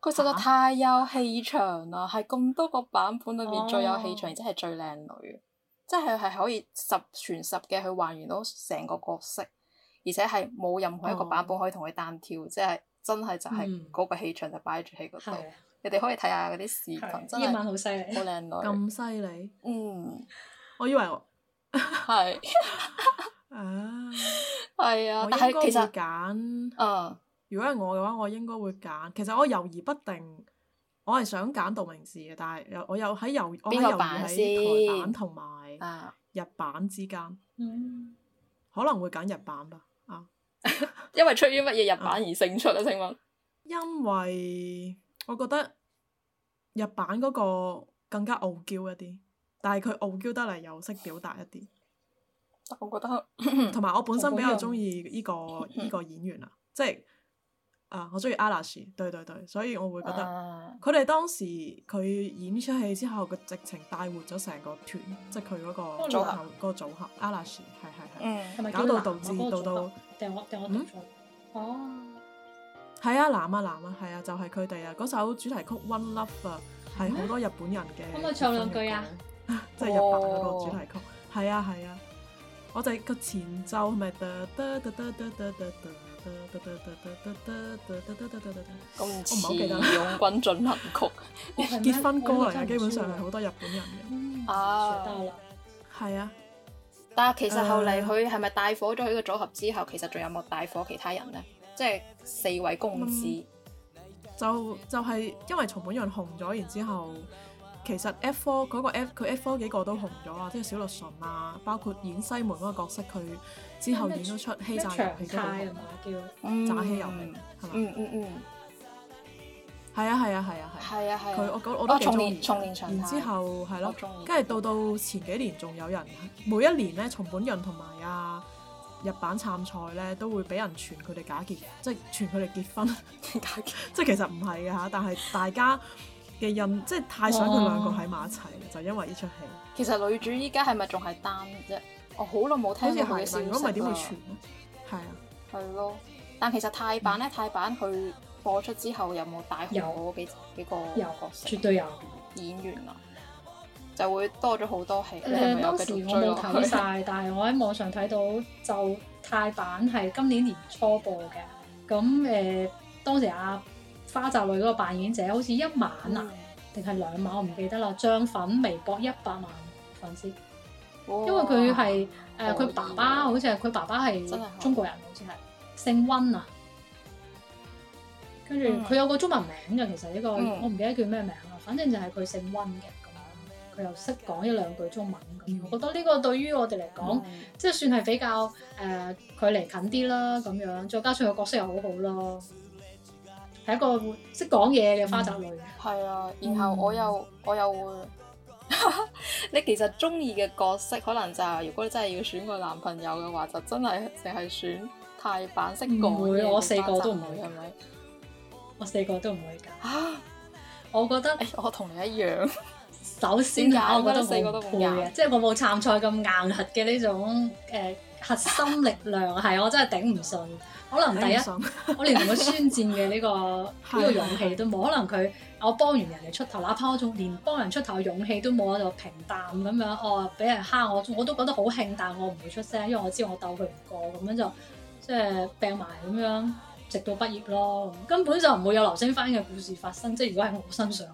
佢實在太有氣場啦，係咁、啊、多個版本裏面最有氣場，哦、而且係最靚女，即係係可以十全十嘅去還原到成個角色，而且係冇任何一個版本可以同佢單挑，哦、即係真係就係嗰個氣場就擺住喺嗰度。嗯 [laughs] 你哋可以睇下嗰啲視頻，真係英文好犀利，好靚女，咁犀利。嗯，我以為係啊，係啊。我應該會揀。嗯。如果係我嘅話，我應該會揀。其實我猶豫不定，我係想揀道明寺嘅，但係又我有喺猶我喺猶豫喺台版同埋日版之間。可能會揀日版吧。啊，因為出於乜嘢日版而勝出啊？請問？因為我覺得。日版嗰個更加傲嬌一啲，但係佢傲嬌得嚟又識表達一啲。我覺得，同埋 [laughs] 我本身比較中意呢個依 [laughs] 個演員啦，即係啊、呃，我中意阿拉什，shi, 對對對，所以我會覺得佢哋、uh, 當時佢演出戲之後，佢直情帶活咗成個團，即係佢嗰個組合嗰個組合阿拉什，係係係搞到導致到到，嗯，哦、啊。係啊，男啊、yeah,，男啊，係啊，就係佢哋啊。嗰首主題曲《One Love》啊，係好多日本人嘅。可唔可以唱兩句啊？即係日版嗰個主題曲，係啊係啊。我哋個前奏咪「我唔係好記得，勇軍進行曲，結婚歌嚟噶，基本上係好多日本人嘅。啊，係啊。但係其實後嚟佢係咪大火咗？佢個組合之後，其實仲有冇大火其他人呢？即係四位公子，就就係因為松本潤紅咗，然之後其實 F four 嗰個 F 佢 F four 幾個都紅咗啊，即係小栗旬啊，包括演西門嗰個角色，佢之後演咗出《欺詐遊戲》叫《詐欺遊戲》，係嘛？嗯嗯嗯，係啊係啊係啊係啊係，佢我我我松田松田翔太然之後係咯，跟住到到前幾年仲有人，每一年咧松本潤同埋啊。日版參賽咧都會俾人傳佢哋假結，即係傳佢哋結婚，即 [laughs] 係其實唔係嘅㗎，但係大家嘅人 [laughs] 即係太想佢兩個喺埋一齊，oh。就因為呢出戲。其實女主依家係咪仲係單啫？我好耐冇聽到嘅消息。如果唔係點會傳咧？係 [laughs] 啊，係咯。但其實泰版咧，嗯、泰版佢播出之後有冇帶紅咗幾有幾個角色？有絕對有演員啊！就會多咗好多戲咧，又、呃、繼續追，當時我冇睇晒，但係我喺網上睇到，就泰版係今年年初播嘅。咁誒、嗯呃，當時阿、啊、花澤類嗰個扮演者，好似一晚啊，定係、嗯、兩晚，我唔記得啦。漲粉微博一百萬粉絲，哦、因為佢係誒佢爸爸，好似係佢爸爸係中國人，好似係姓温啊。跟住佢有個中文名嘅，其實呢、這個、嗯嗯嗯、我唔記得叫咩名啦。反正就係佢姓温嘅。佢又識講一兩句中文咁，我覺得呢個對於我哋嚟講，嗯、即係算係比較誒距、呃、離近啲啦咁樣，再加上個角色又好好咯，係一個識講嘢嘅花澤類。係、嗯、啊，然後我又、嗯、我又會，又 [laughs] 你其實中意嘅角色，可能就係、是、如果你真係要選個男朋友嘅話，就真係淨係選泰版式個。唔會，我四個都唔會係咪？我四個都唔會揀。 [laughs] 我覺得我同你一樣。 [laughs] 首先我覺得冇配嘅，配啊、即係我冇參賽咁硬核嘅呢種誒、呃、核心力量，係 [laughs] 我真係頂唔順。 [laughs] 可能第一， [laughs] 我連同佢宣戰嘅呢、呢個呢 [laughs] 個勇氣都冇。 [laughs] 可能佢我幫完人哋出頭，哪怕我仲連幫人出頭嘅勇氣都冇，我就平淡咁樣。我、哦、俾人蝦我，我都覺得好慶，但係我唔會出聲，因為我知道我鬥佢唔過，咁樣就即係病埋咁樣，直到畢業咯。根本就唔會有流星翻嘅故事發生。即係如果喺我身上。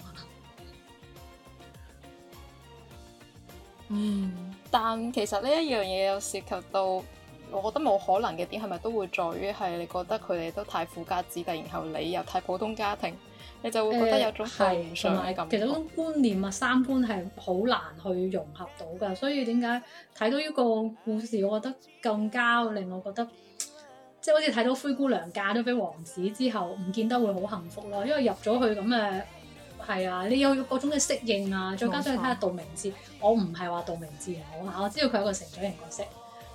嗯，但其實呢一樣嘢有涉及到，我覺得冇可能嘅點係咪都會在於係你覺得佢哋都太富家子弟，然後你又太普通家庭，你就會覺得有種誤傷。其實嗰種觀念啊、三觀係好難去融合到㗎，所以點解睇到呢個故事，我覺得更加令我覺得，即係好似睇到灰姑娘嫁咗俾王子之後，唔見得會好幸福咯，因為入咗去咁嘅。係啊，你有各種嘅適應啊，再加上你睇下杜明智，我唔係話杜明智好嚇，我知道佢係一個成長型角色，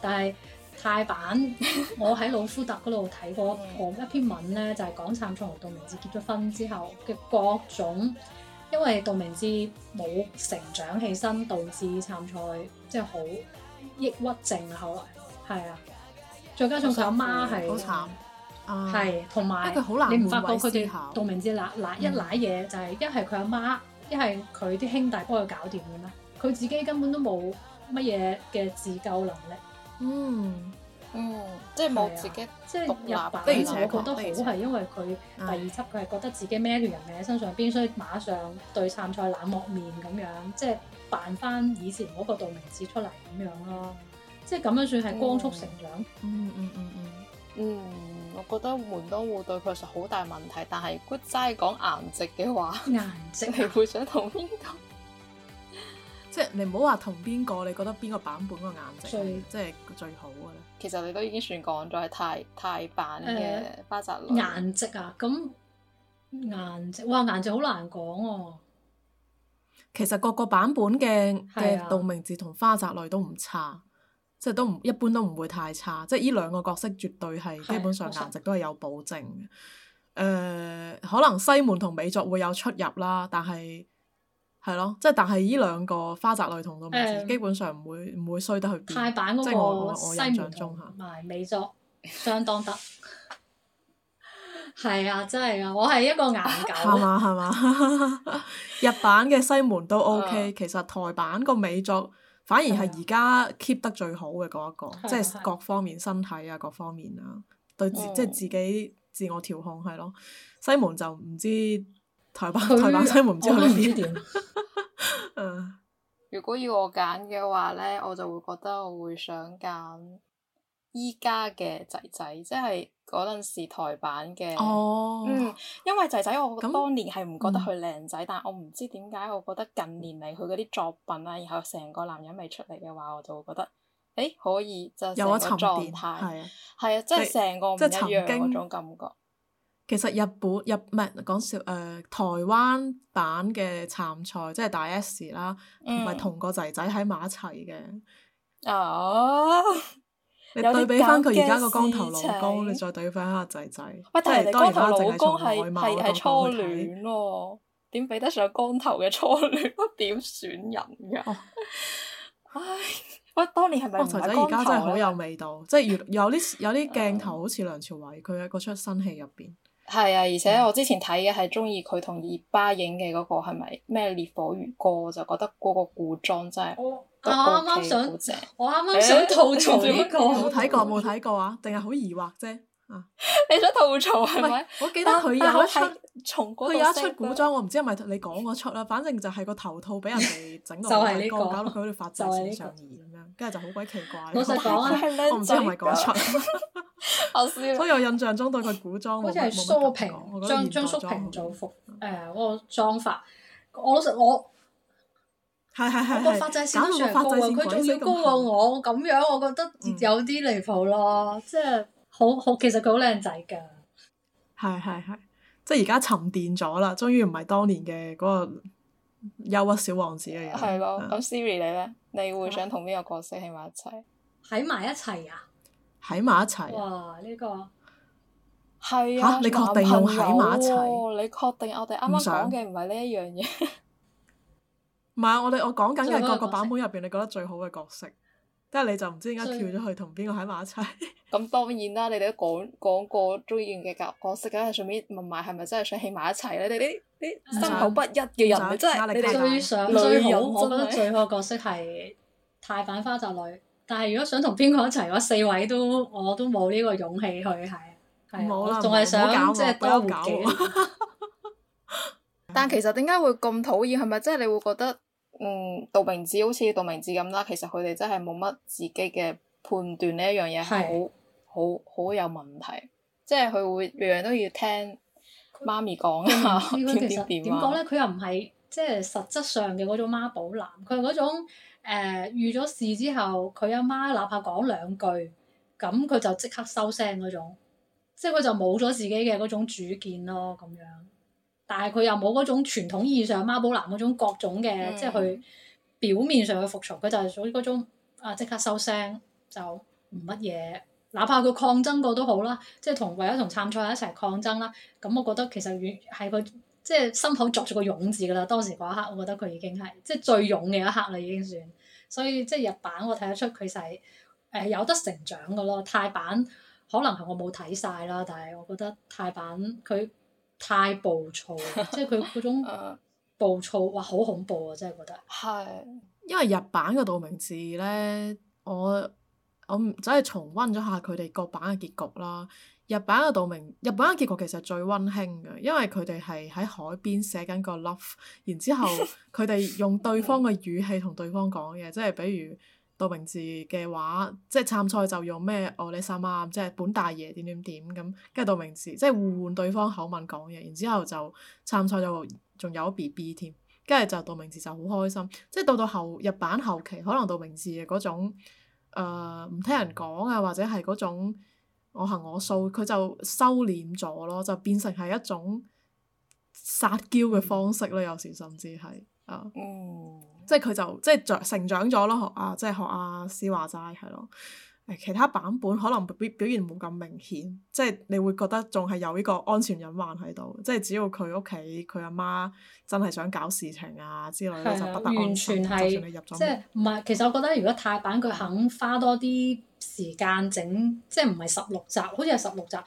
但係泰版， [laughs] 我喺老夫特嗰度睇過一、嗯、一篇文咧，就係、是、講杉菜同杜明智結咗婚之後嘅各種，因為杜明智冇成長起身，導致杉菜即係好抑鬱症啦。後來係啊，再加上佢阿媽係。嗯嗯係，同埋你唔發覺佢哋道明寺攋一攋嘢就係一係佢阿媽，一係佢啲兄弟幫佢搞掂嘅咩？佢自己根本都冇乜嘢嘅自救能力。嗯嗯，即係冇自己即係入版，而且佢我覺得好係因為佢第二輯佢係覺得自己孭條人命喺身上，必須馬上對杉菜冷漠面咁樣，即係扮翻以前嗰個道明寺出嚟咁樣咯。即係咁樣算係光速成長。嗯嗯嗯嗯嗯。覺得門當戶對確實好大問題，但係骨齋講顏值嘅話，顏值你會想同邊個？ [laughs] [laughs] 即係你唔好話同邊個？你覺得邊個版本個顏值的即係最好嘅咧？其實你都已經算講咗係泰泰版嘅花澤類的顏值啊！咁顏值哇、哦，顏值好難講喎、啊。其實各個版本嘅嘅道明寺同花澤類都唔差。即係都唔一般都唔會太差，即係呢兩個角色絕對係的基本上顏值都係有保證嘅。誒、嗯呃，可能西門同美作會有出入啦，但係係咯，即係但係呢兩個花澤類同道明寺，嗯、基本上唔會唔會衰得去邊。台版嗰個西門同埋美作相當得，係啊真係啊！我係一個顏狗，係嘛係嘛。日版嘅西門都 OK， [laughs] 其實台版個美作。反而係而家 keep 得最好嘅嗰一個，的即係各方面身體啊，各方面啊，對自、嗯、即係自己自我調控係咯。西門就唔知，台灣的台灣西門唔知去邊點。如果要我揀嘅話呢，我就會覺得我會想揀。依家嘅仔仔，即係嗰陣時台版嘅，哦、嗯，因為仔仔我當年係唔覺得佢靚仔，嗯、但我唔知點解，我覺得近年嚟佢嗰啲作品啊，然後成個男人未出嚟嘅話，我就覺得誒、欸、可以就成、是、沉狀態係啊，係啊的，即係成個唔一樣嗰種感覺。其實日本日唔係講笑誒、呃，台灣版嘅杉菜即係大 S 啦，唔係同個仔仔喺埋一齊嘅、嗯。哦。你對比翻佢而家個光頭老公，你再對比翻下仔仔，喂！但係光頭老公係係初戀喎，點比得上光頭嘅初戀？點選人㗎？哦、唉！喂，當年係咪唔係光頭仔而家真係好有味道， [laughs] 即係有啲有啲鏡頭好似梁朝偉佢喺嗰出新戲入邊。係啊，而且我之前睇嘅係中意佢同熱巴影嘅嗰，那個，係咪咩烈火如歌，我就覺得嗰個古裝真係，OK，啊，我啱啱想棒我啱啱想吐槽呢個，冇睇，欸，過冇睇過啊，定係好疑惑啫。啊！你想吐槽係咪？我記得佢有一出從古，佢有一出古裝，我唔知係咪你講嗰出啦。反正就係個頭套俾人哋整到好鬼高，搞到佢好似髮際線上移咁樣，跟住就好鬼奇怪。老實講啊，我唔知係咪嗰出。所以我印象中對佢古裝好似係蘇萍張張蘇萍做服誒嗰個妝髮。我老實我係係係，個髮際線佢仲要高過我咁樣，我覺得有啲離譜咯，即係。好好，其實佢好靚仔㗎。係係係，即係而家沉澱咗啦，終於唔係當年嘅嗰個憂鬱小王子嘅人。係咯的，咁 Siri 你咧，呢啊、你會想同邊個角色喺埋一齊？喺埋一齊啊！喺埋一齊、啊。哇！呢、呢個係啊，啊！你確定喺埋一齊喎、啊？你確定我哋啱啱講嘅唔係呢一樣嘢？唔係啊！我哋我講緊嘅係各個版本入邊，你覺得最好嘅角色。即係你就唔知點解跳咗去同邊個喺埋一齊？咁當然啦，你哋都講講過中意嘅角色，梗係順便問埋係咪真係想起埋一齊咧？你哋啲啲心口不一嘅人，真係。最好，我覺得最好嘅角色係台版花澤類。但係如果想同邊個一齊嘅話，四位都我都冇呢個勇氣去係。冇，仲係想，即係多搞，但其實點解會咁討厭？係咪即係你會覺得？嗯，道明寺好似道明寺咁啦，其實佢哋真係冇乜自己嘅判斷呢一樣嘢，係的好好好有問題。即係佢會樣樣都要聽媽咪講、嗯、 [laughs] 啊，點點點啊。點講咧？佢又唔係即係實質上嘅嗰種媽寶男，佢係嗰種、呃、遇咗事之後，佢阿媽，媽哪怕講兩句，咁佢就即刻收聲嗰種，即係佢就冇咗自己嘅嗰種主見咯，咁樣。但係佢又冇嗰種傳統意義上媽寶男嗰種各種嘅，嗯、即係去表面上去服從，佢就係屬於嗰種啊，即刻收聲就唔乜嘢，哪怕佢抗爭過都好啦，即係同為咗同杉菜一齊抗爭啦。咁我覺得其實遠係佢即係心口作住個勇字噶啦，當時嗰一刻我覺得佢已經係即係最勇嘅一刻啦，已經算。所以即係日版我睇得出佢就係誒有得成長噶咯，泰版可能係我冇睇晒啦，但係我覺得泰版佢太暴躁， [laughs] 即係佢嗰種暴躁，哇，好恐怖啊！真係覺得。係。 [laughs] 因為日版嘅道明寺呢，我我唔，真係重溫咗下佢哋各版嘅結局啦。日版嘅道明，日版嘅結局其實最溫馨嘅，因為佢哋係喺海邊寫緊個 love，然之後佢哋用對方嘅語氣同對方講嘢，即係 [laughs] 比如。道明寺嘅話，即係參賽就用咩，我、哦、你三唔啱？即係本大爺點點點咁，跟住道明寺即係互換對方口吻講嘢，然之後就參賽寶寶就仲有 BB 添，跟住就道明寺就好開心。即係到到後日版後期，可能道明寺嘅嗰種誒唔、呃、聽人講啊，或者係嗰種我行我素，佢就收斂咗咯，就變成係一種撒嬌嘅方式咯，有時甚至係。哦、uh, 嗯，即係佢就即係長成長咗咯，學啊，即係學阿、啊、思話齋係咯，誒其他版本可能表表現冇咁明顯，即係你會覺得仲係有呢個安全隱患喺度，即係只要佢屋企佢阿媽真係想搞事情啊之類的就不得安全係，就算你入咗，即係唔係？其實我覺得如果泰版佢肯花多啲時間整，即係唔係十六集，好似係十六集，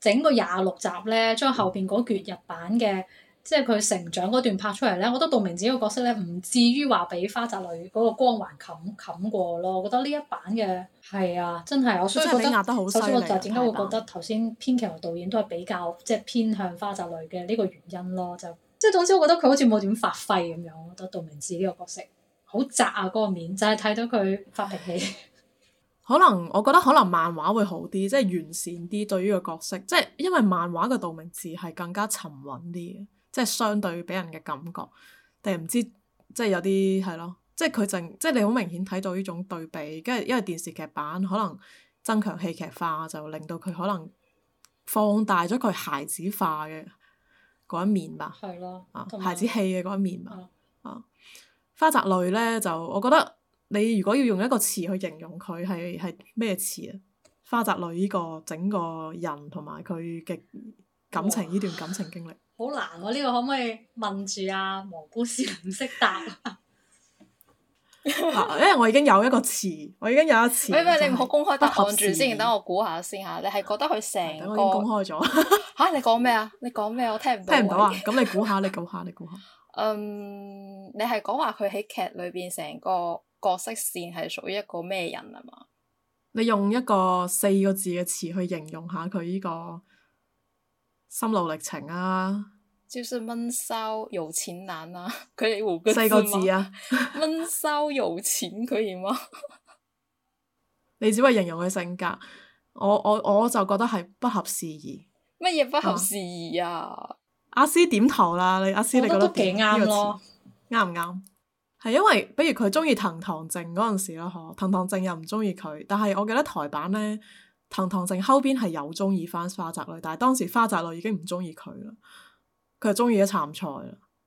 整個廿六集咧，將後邊嗰橛日版嘅。嗯即係佢成長嗰段拍出嚟咧，我覺得杜明治呢個角色咧，唔至於話俾花澤類嗰個光環冚冚過咯。覺啊、我覺得呢一版嘅係啊，真係我所以佢壓得好犀利，點解會覺得頭先編劇同導演都係比較即係偏向花澤類嘅呢個原因咯，就即係總之我覺得佢好似冇點發揮咁樣。我覺得杜明治呢個角色好窄啊，嗰、嗰個面就係、係、睇到佢發脾氣唉。 [laughs] 可能我覺得可能漫畫會好啲，即係完善啲對呢個角色。即係因為漫畫嘅杜明治係更加沉穩啲嘅。即係相對俾人嘅感覺，定係唔知即係有啲係咯，即係佢淨即係你好明顯睇到呢種對比，跟住因為電視劇版可能增強戲劇化，就令到佢可能放大咗佢孩子化嘅嗰一面吧。係咯，啊，孩子氣嘅嗰一面嘛。咯啊，花澤類咧，就我覺得你如果要用一個詞去形容佢，係係咩詞啊？花澤類呢個整個人同埋佢嘅感情呢哇段感情經歷。好難喎、啊，呢個可唔可以問住阿蘑菇先、啊？唔識答？因為我已經有一個詞，我已經有一個詞。喂 [laughs] 是，唔係，你唔好公開答案住先，等我估下先嚇。你係覺得佢成個公開咗嚇？你講咩啊？你講咩？我聽唔聽唔到啊？咁你估下？你估下， [laughs] 下？你估下？嗯， [laughs] um, 你係講話佢喺劇裏邊成個角色線係屬於一個咩人啊嘛？你用一個四個字嘅詞去形容下佢呢、這個。心路歷程啊，就是悶騷有錢男啊，佢哋四個字啊，悶騷有錢可以嗎？你只係形容佢性格，我我我就覺得係不合時宜。乜嘢不合時宜啊,啊？啊思點頭啦，你啊思你覺得幾啱咯？啱唔啱？係因為比如佢中意藤堂靜嗰陣時咯，嗬，藤堂靜又唔中意佢，但係我記得台版咧。藤堂靜後邊係有中意翻花澤類，但係當時花澤類已經唔中意佢啦，佢又中意咗杉菜，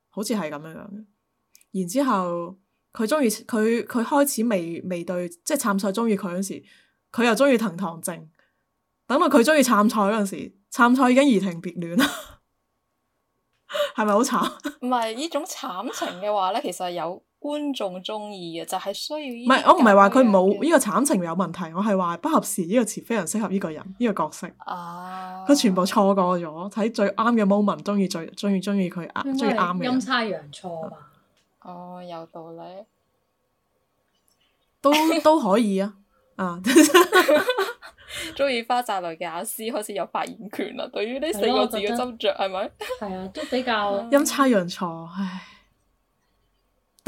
好似係咁樣樣。然之後佢中意佢佢開始未未對，即係杉菜中意佢嗰時，佢又中意藤堂靜。等到佢中意杉菜嗰陣時，杉菜已經移情別戀啦， [laughs] 係咪好慘？唔係呢種慘情嘅話咧，其實有。觀眾中意嘅就係需要。唔係，我唔係話佢冇呢個慘情有問題，我係話不合時呢個詞非常適合呢個人、呢個角色。哦、啊，佢全部錯過咗，睇最啱嘅 moment，中意最中意中意佢啱，中意啱嘅人。陰差陽錯嘛，啊、哦，有道理，都都可以啊啊！中意 [laughs] [laughs] [laughs] 花澤類嘅啊思開始有發言權啦，對於呢四個字嘅執著係咪？係啊，都比較陰差陽錯唉。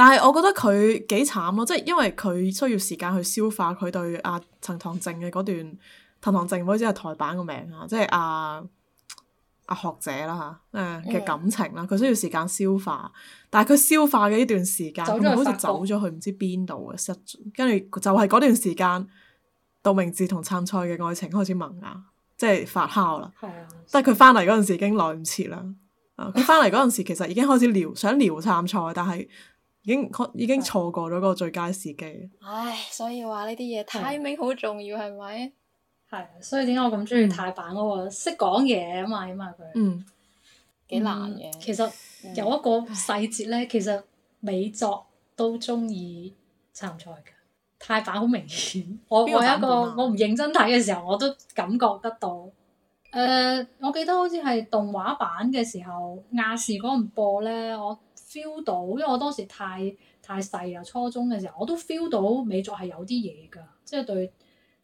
但係我覺得佢幾慘咯，即係因為佢需要時間去消化佢對阿陳唐靜嘅嗰段陳唐靜，唔好意思，係台版個名啊，即係阿阿學者啦嚇，誒、啊、嘅感情啦，佢 Okay. 需要時間消化。但係佢消化嘅呢段時間，佢好似走咗去唔知邊度嘅失，跟住就係嗰段時間，道明寺同杉菜嘅愛情開始萌芽，即係發酵啦。係啊，即係佢翻嚟嗰陣時已經久久來唔切啦。啊，佢翻嚟嗰陣時其實已經開始聊 [laughs] 想聊杉菜，但係。已經錯已經錯過咗個最佳時機。唉，所以話呢啲嘢 timing 好重要，係咪？係，所以點解我咁中意泰版嘅喎？識講嘢啊嘛，起碼佢。嗯，幾難嘅、嗯。其實有一個細節咧，嗯、其實美作都中意參賽㗎。唉泰版好明顯，我、啊、我，我一個我唔認真睇嘅時候，我都感覺得到。誒、呃，我記得好似係動畫版嘅時候亞視嗰陣播咧，我。feel 到，因為我當時太太細啊，初中嘅時候我都 feel 到美作係有啲嘢㗎，即係對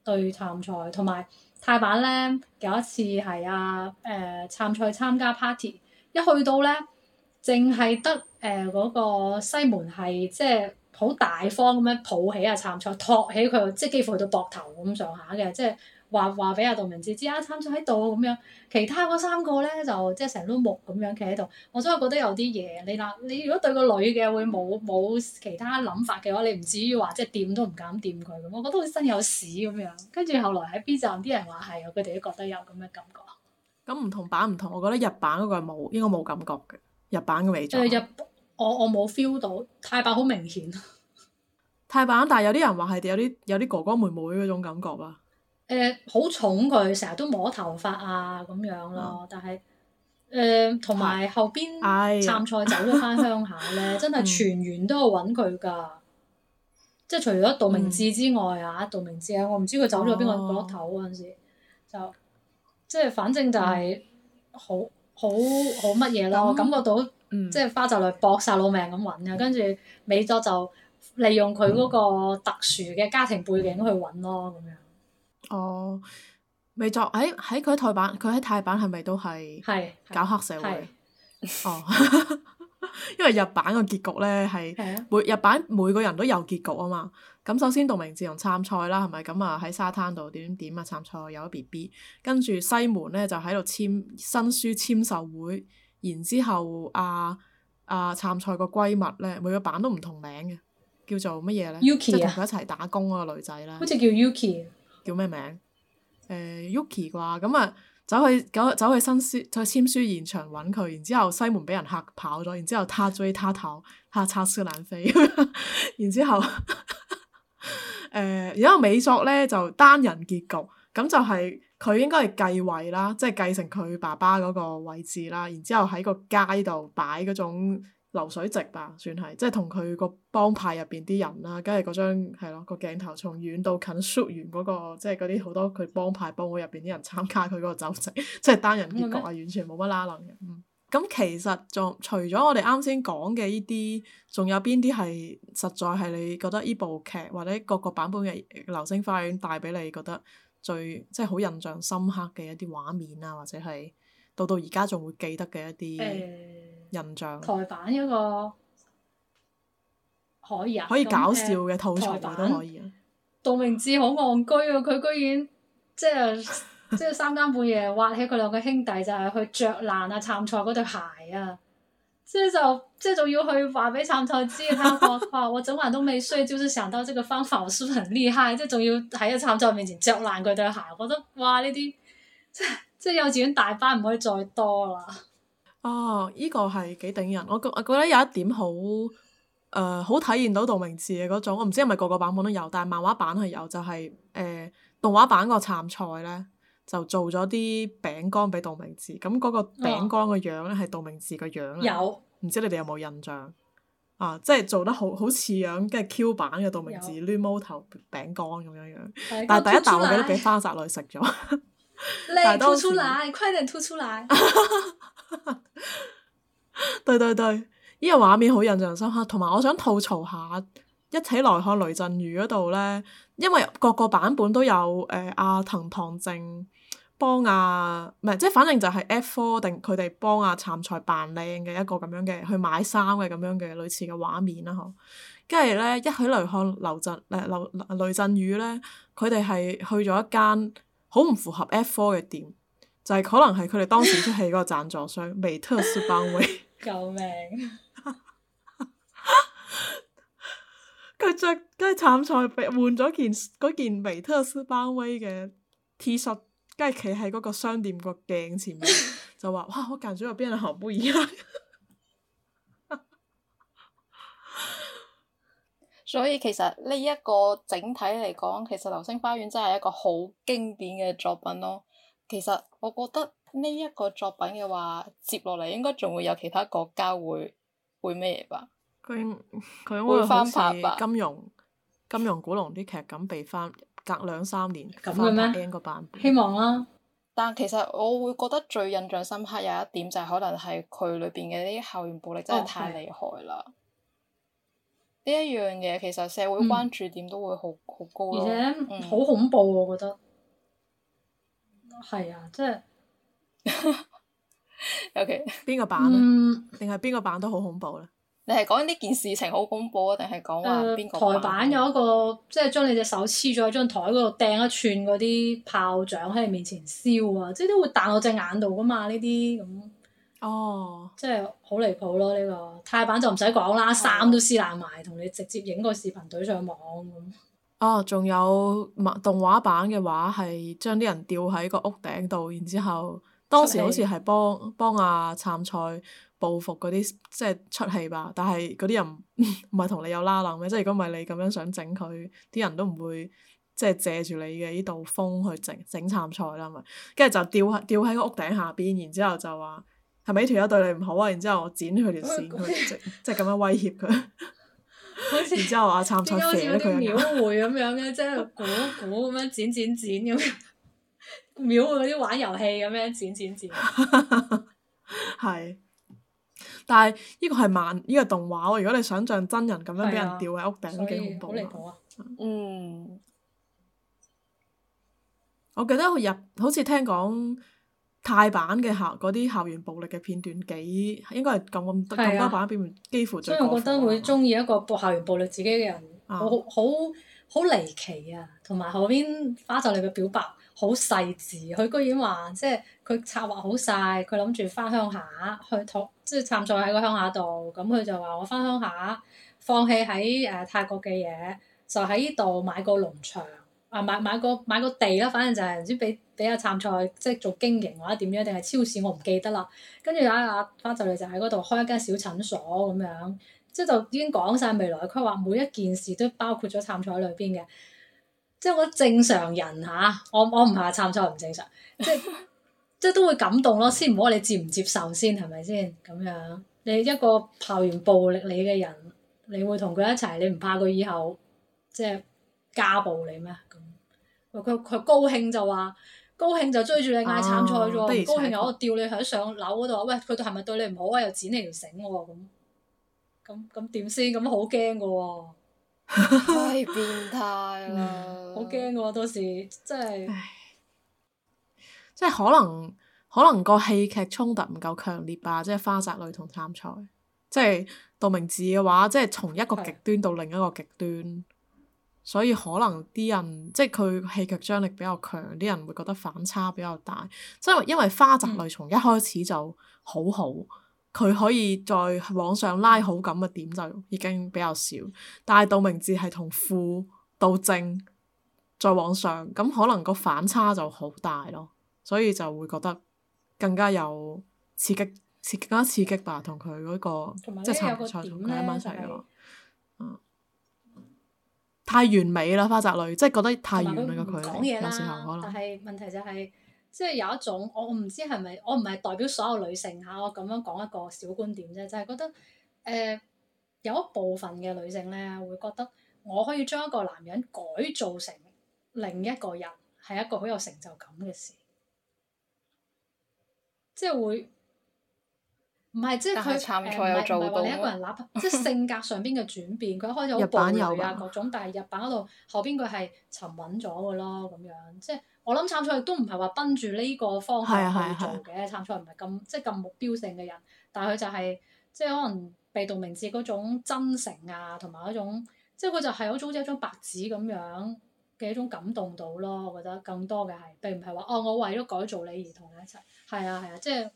對杉菜，同埋泰版咧有一次係啊，誒杉菜參加 party，一去到咧，淨係得誒嗰、呃嗰個西門係即係好大方咁樣抱起啊杉菜，托起佢，即係幾乎去到膊頭咁上下嘅，即係。話話俾阿杜明志知啊，參賽喺度咁樣，其他嗰三個咧就即係成碌木咁樣企喺度。我真係覺得有啲嘢。你嗱，你如果對個女嘅會冇冇其他諗法嘅話，你唔至於話即係掂都唔敢掂佢。我覺得佢身有屎咁樣。跟住後來喺 B 站啲人話係佢哋都覺得有咁嘅感覺。咁唔同版唔同，我覺得日版嗰個係冇應該冇感覺嘅，日版嘅味道。就日，我我冇 feel 到。泰版好明顯。泰版，但係有啲人話係有啲有啲哥哥妹妹嗰種感覺啊。誒好寵佢，成日、呃、都摸頭髮啊咁樣咯。但係誒同埋後邊杉菜、啊哎、走咗翻鄉下咧， [laughs] 真係全員都去揾佢㗎。即係除咗道明寺之外、嗯、啊，道明寺啊，我唔知佢走咗邊個角落頭嗰陣時，哦、就即係反正就係好好好乜嘢咯。嗯、我感覺到、嗯、即係花澤類搏晒老命咁揾啊。跟住美作就利用佢嗰個特殊嘅家庭背景去揾咯咁樣。嗯嗯。哦，未作喺喺佢台版，佢喺泰版係咪都係搞黑社會？哦， [laughs] 因為日版個結局咧係每、啊、日版每個人都有結局啊嘛。咁首先道明寺同參賽啦，係咪咁啊？喺沙灘度點點點啊！參賽有個 B B，跟住西門咧就喺度簽新書簽售會。然之後啊啊參賽個閨蜜咧，每個版都唔同名嘅，叫做乜嘢咧？Yuki 即係同佢一齊打工嗰個女仔啦，好似叫 Yuki。叫咩名？誒、uh，Yuki 啩，咁、嗯、啊，走去走走去新書，走去簽書現場揾佢，然之後西門俾人嚇跑咗，然之後他追他逃，他插翅難飛， [laughs] 然之後誒， [laughs] uh, 然之後美作咧就單人結局，咁就係、是、佢應該係繼位啦，即係繼承佢爸爸嗰個位置啦，然之後喺個街度擺嗰種。流水席吧，算係，即係同佢個幫派入邊啲人啦，梗係嗰張係咯，個鏡頭從遠到近縮完嗰、嗰個，即係嗰啲好多佢幫派幫會入邊啲人參加佢嗰個酒席，即係單人結局啊，完全冇乜拉楞嘅。咁、嗯、其實仲除咗我哋啱先講嘅依啲，仲有邊啲係實在係你覺得依部劇或者各個版本嘅《流星花園》帶俾你覺得最即係好印象深刻嘅一啲畫面啊，或者係到到而家仲會記得嘅一啲、嗯。印象台版一個可以啊，可以搞笑嘅吐槽都可以啊。杜明智好憨居啊，佢居然即係即係三更半夜挖起佢兩個兄弟就係去着爛啊，杉菜嗰對鞋啊。即係就即係仲要去話俾杉菜知我話：，我整晚都未睡，就是想到這個方法，我是不是很厲害？即係仲要喺一杉菜面前着爛佢對鞋，我覺得哇！呢啲即係即係幼稚園大班唔可以再多啦。哦，依、這個係幾頂人，我覺我覺得有一點好，誒、呃，好體現到道明寺嘅嗰種，我唔知係咪個個版本都有，但係漫畫版係有，就係、是、誒、呃、動畫版個杉菜咧，就做咗啲餅乾俾道明寺，咁、嗯、嗰、那個餅乾個樣咧係、哦、道明寺個樣有？唔知你哋有冇印象啊？即係做得好好似樣，跟住 Q 版嘅道明寺攣有毛頭餅乾咁樣樣，有但係第一啖我記得俾花澤類食咗， [laughs] 你係都吐出來，快點吐出來。 [laughs] [laughs] 對，對對對，呢、這個畫面好印象深刻，同埋我想吐槽下，一起來看雷陣雨嗰度咧，因為各個版本都有誒阿、呃啊、藤堂靜幫阿唔係，即係反正就係 F four 定佢哋幫阿、啊、杉菜扮靚嘅一個咁樣嘅去買衫嘅咁樣嘅類似嘅畫面啦，嗬，跟住咧一起嚟看劉震誒劉雷陣雨咧，佢哋係去咗一間好唔符合 F four 嘅店。就係可能係佢哋當時出係嗰個贊助商， [laughs] 美特斯邦威。 [laughs] 救命！佢着， [laughs] 佢係參賽，換咗件嗰件美特斯邦威嘅 T 恤，跟住企喺嗰個商店個鏡前面， [laughs] [laughs] 就話：哇！我感覺我變得好不一樣。 [laughs] 所以其實呢一個整體嚟講，其實《流星花園》真係一個好經典嘅作品咯。其實我覺得呢一個作品嘅話，接落嚟應該仲會有其他國家會會咩嘢吧？佢佢會好似金庸金庸古龍啲劇咁，被翻隔兩三年樣翻翻個版本。希望啦、啊，但其實我會覺得最印象深刻有一點就係可能係佢裏邊嘅啲校園暴力真係太厲害啦。呢、哦 okay. 一樣嘢其實社會關注點都會好好高咯，嗯、而且好、嗯、恐怖，我覺得。係啊，即係 [laughs] ，O.K. 邊個版啊？定係邊個版都好恐怖啦。你係講緊呢件事情好恐怖，啊？定係講話邊個台版有一個，即係將你隻手黐咗喺張台嗰度，掟一串嗰啲炮仗喺你面前燒啊！即係都會彈落隻眼度噶嘛？呢啲咁。嗯、哦。即係好離譜咯、啊！呢、這個泰版就唔使講啦，衫都撕爛埋，同、哦、你直接影個視頻懟上網咁。哦，仲有漫動畫版嘅話，係將啲人吊喺個屋頂度，然之後當時好似係幫幫阿、啊、杉菜報復嗰啲，即係出氣吧。但係嗰啲人唔係同你有拉冧嘅，即係如果唔係你咁樣想整佢，啲人都唔會，即係借住你嘅呢度風去整整杉菜啦，咪跟住就吊吊喺個屋頂下邊，然之後就話係咪條友對你唔好啊？然之後我剪佢條線，即即係咁樣威脅佢。好似， [laughs] 然之後阿參觀佢啊。點啲廟會咁樣嘅， [laughs] 即係鼓鼓咁樣， [laughs] 樣，剪剪剪咁樣，廟會嗰啲玩遊戲咁樣，剪剪剪。係， [laughs] 但係呢個係慢，呢個動畫喎。如果你想像真人咁樣俾人吊喺屋頂，幾、啊、恐怖啊！嗯，我記得佢入，好似聽講。泰版嘅校嗰啲校園暴力嘅片段幾，應該係咁咁多版片段幾乎最，所以我覺得會中意一個校園暴力自己嘅人，好好好離奇啊！同埋後邊花澤類嘅表白好細緻，佢居然話即係佢策劃好晒，佢諗住翻鄉下去託即係參賽喺個鄉下度，咁佢就話我翻鄉下放棄喺誒、呃、泰國嘅嘢，就喺呢度買個農場啊、呃、買買個買個地啦，反正就係、是、唔知俾。俾阿杉菜即係做經營或者點樣，定係超市我唔記得啦。跟住阿阿花就嚟就喺嗰度開一間小診所咁樣，即係就已經講晒未來嘅規劃，每一件事都包括咗杉菜裏邊嘅。即係我正常人吓、啊，我我唔係話杉菜唔正常，即係 [laughs] 即係都會感動咯。先唔好你接唔接受先係咪先咁樣？你一個校園暴力你嘅人，你會同佢一齊？你唔怕佢以後即係家暴你咩？佢佢佢高興就話。高興就追住你嗌慘菜喎，啊、高興又有個吊你喺上樓嗰度，喂佢哋係咪對你唔好啊？又剪你條繩喎、啊、咁，咁咁點先咁好驚噶喎！啊、 [laughs] 太變態啦！好驚噶，到時真係，真係、就是、可能可能個戲劇衝突唔夠強烈吧？即、就、係、是、花澤類同慘菜，即、就、係、是、道明寺嘅話，即、就、係、是、從一個極端到另一個極端。所以可能啲人即係佢戲劇張力比較強啲人會覺得反差比較大。即係因為花澤類從一開始就好好，佢可以再往上拉好感嘅點就已經比較少。但係道明寺係從負到正再往上，咁可能個反差就好大咯。所以就會覺得更加有刺激，刺激更加刺激吧。同佢嗰個，個，個即係差唔多，佢一晚一齊嘅。太完美啦，花澤類，即係覺得太完美嘅佢。講嘢啦，但係問題就係、是，即係有一種我唔知係咪，我唔係代表所有女性吓，我咁樣講一個小觀點啫，就係、是、覺得誒、呃、有一部分嘅女性呢，會覺得我可以將一個男人改造成另一個人，係一個好有成就感嘅事，即係會。唔係，即係佢誒，唔係唔係話你一個人立，即係性格上邊嘅轉變。佢一開始好暴躁啊各種，但係日版嗰度後邊佢係沉穩咗嘅咯，咁樣即係我諗。杉菜都唔係話奔住呢個方向去做嘅。杉菜唔係咁即係咁目標性嘅人，但係佢就係即係可能被道明寺嗰種真誠啊，同埋嗰種即係佢就係好似一張白紙咁樣嘅一種感動到咯。我覺得更多嘅係並唔係話哦，我為咗改造你而同你一齊。係啊係啊，即係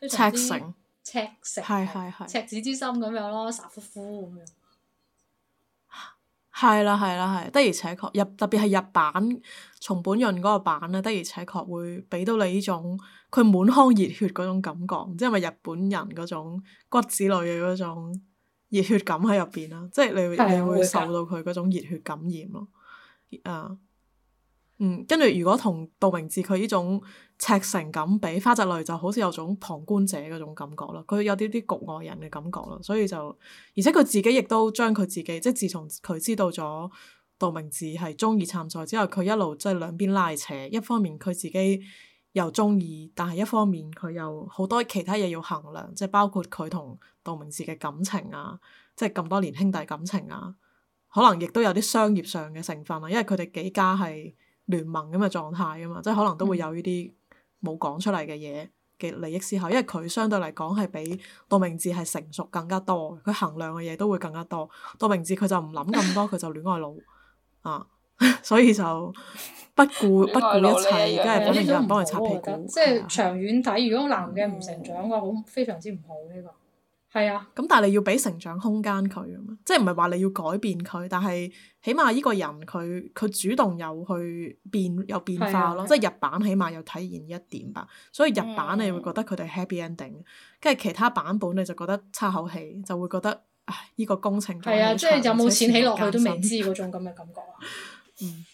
非常之。赤石，是是是赤子之心咁樣咯，傻乎乎咁樣。係啦，係啦，係。的而且確日，特別係日版松本潤嗰個版咧，的而且確會俾到你呢種佢滿腔熱血嗰種感覺，唔知係咪日本人嗰種骨子裡嘅嗰種熱血感喺入邊啦？即係你會你會受到佢嗰種熱血感染咯。啊對，嗯，跟住、嗯、如果同道明寺佢呢種，赤誠咁比花，花澤類就好似有種旁觀者嗰種感覺咯，佢有啲啲局外人嘅感覺咯，所以就而且佢自己亦都將佢自己，即係自從佢知道咗道明寺係中意杉菜之後，佢一路即係兩邊拉扯，一方面佢自己又中意，但係一方面佢又好多其他嘢要衡量，即係包括佢同道明寺嘅感情啊，即係咁多年兄弟感情啊，可能亦都有啲商業上嘅成分啊，因為佢哋幾家係聯盟咁嘅狀態啊嘛，即係可能都會有呢啲。冇講出嚟嘅嘢嘅利益思考，因為佢相對嚟講係比杜明智係成熟更加多，佢衡量嘅嘢都會更加多。杜明智佢就唔諗咁多，佢 [laughs] 就戀愛腦啊，所以就不顧不顧一切，本住有人幫佢擦屁股。的即係長遠睇，如果男嘅唔成長嘅話，好非常之唔好呢、呢個。係啊，咁但係你要俾成長空間佢啊嘛，即係唔係話你要改變佢，但係起碼依個人佢佢主動有去變有變化咯，的即係日版起碼有體現一點吧。所以日版你會覺得佢哋 happy ending，跟住、嗯、其他版本你就覺得差口氣，就會覺得唉依、呢個工程係啊，即係有冇錢起落去都未知嗰種咁嘅感覺啊。嗯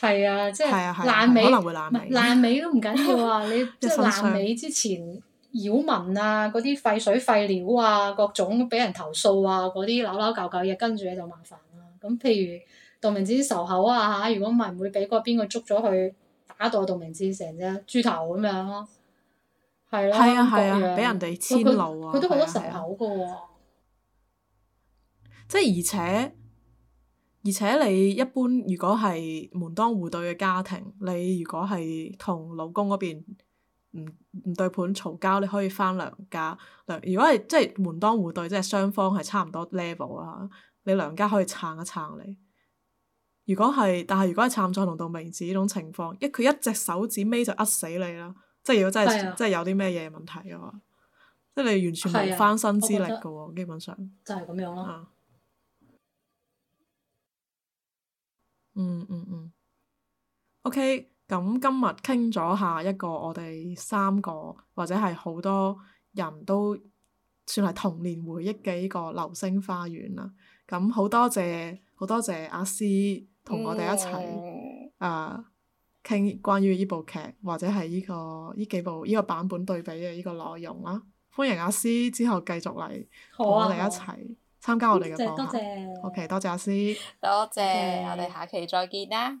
的，係啊的，即係爛尾，爛尾可能會爛尾，爛尾都唔緊要啊。 [laughs] 你即係上爛尾之前。擾民啊，嗰啲廢水廢料啊，各種俾人投訴啊，嗰啲扭扭舊舊嘢跟住咧就麻煩啦、啊。咁譬如道明寺仇口啊吓，如果唔係會俾嗰邊個捉咗去打到道明寺成隻、啊、豬頭咁樣咯，係咯，各樣啊，俾人哋遷怒啊，佢、啊、都好多仇口㗎喎。即係、啊啊、而且而且你一般如果係門當戶對嘅家庭，你如果係同老公嗰邊唔？唔對盤嘈交，你可以翻娘家。娘如果係即係門當戶對，即係雙方係差唔多 level 啊，你娘家可以撐一撐你。如果係，但係如果係撐錯同道明子呢種情況，一佢一隻手指尾就呃死你啦。即係如果真係真係有啲咩嘢問題嘅話，即係、啊、你完全冇翻身之力嘅喎，啊、基本上。啊、就係咁樣咯、啊嗯。嗯嗯嗯。OK。咁今日傾咗下一個我哋三個或者係好多人都算係童年回憶嘅呢個《流星花園》啦、嗯。咁好多謝好多謝阿思同我哋一齊、嗯、啊傾關於呢部劇或者係呢、呢個呢幾部呢、呢個版本對比嘅呢個內容啦。歡迎阿思之後繼續嚟同我哋一齊參加我哋嘅講解。多謝。多謝 O.K. 多謝阿思。多謝，Okay. 我哋下期再見啦。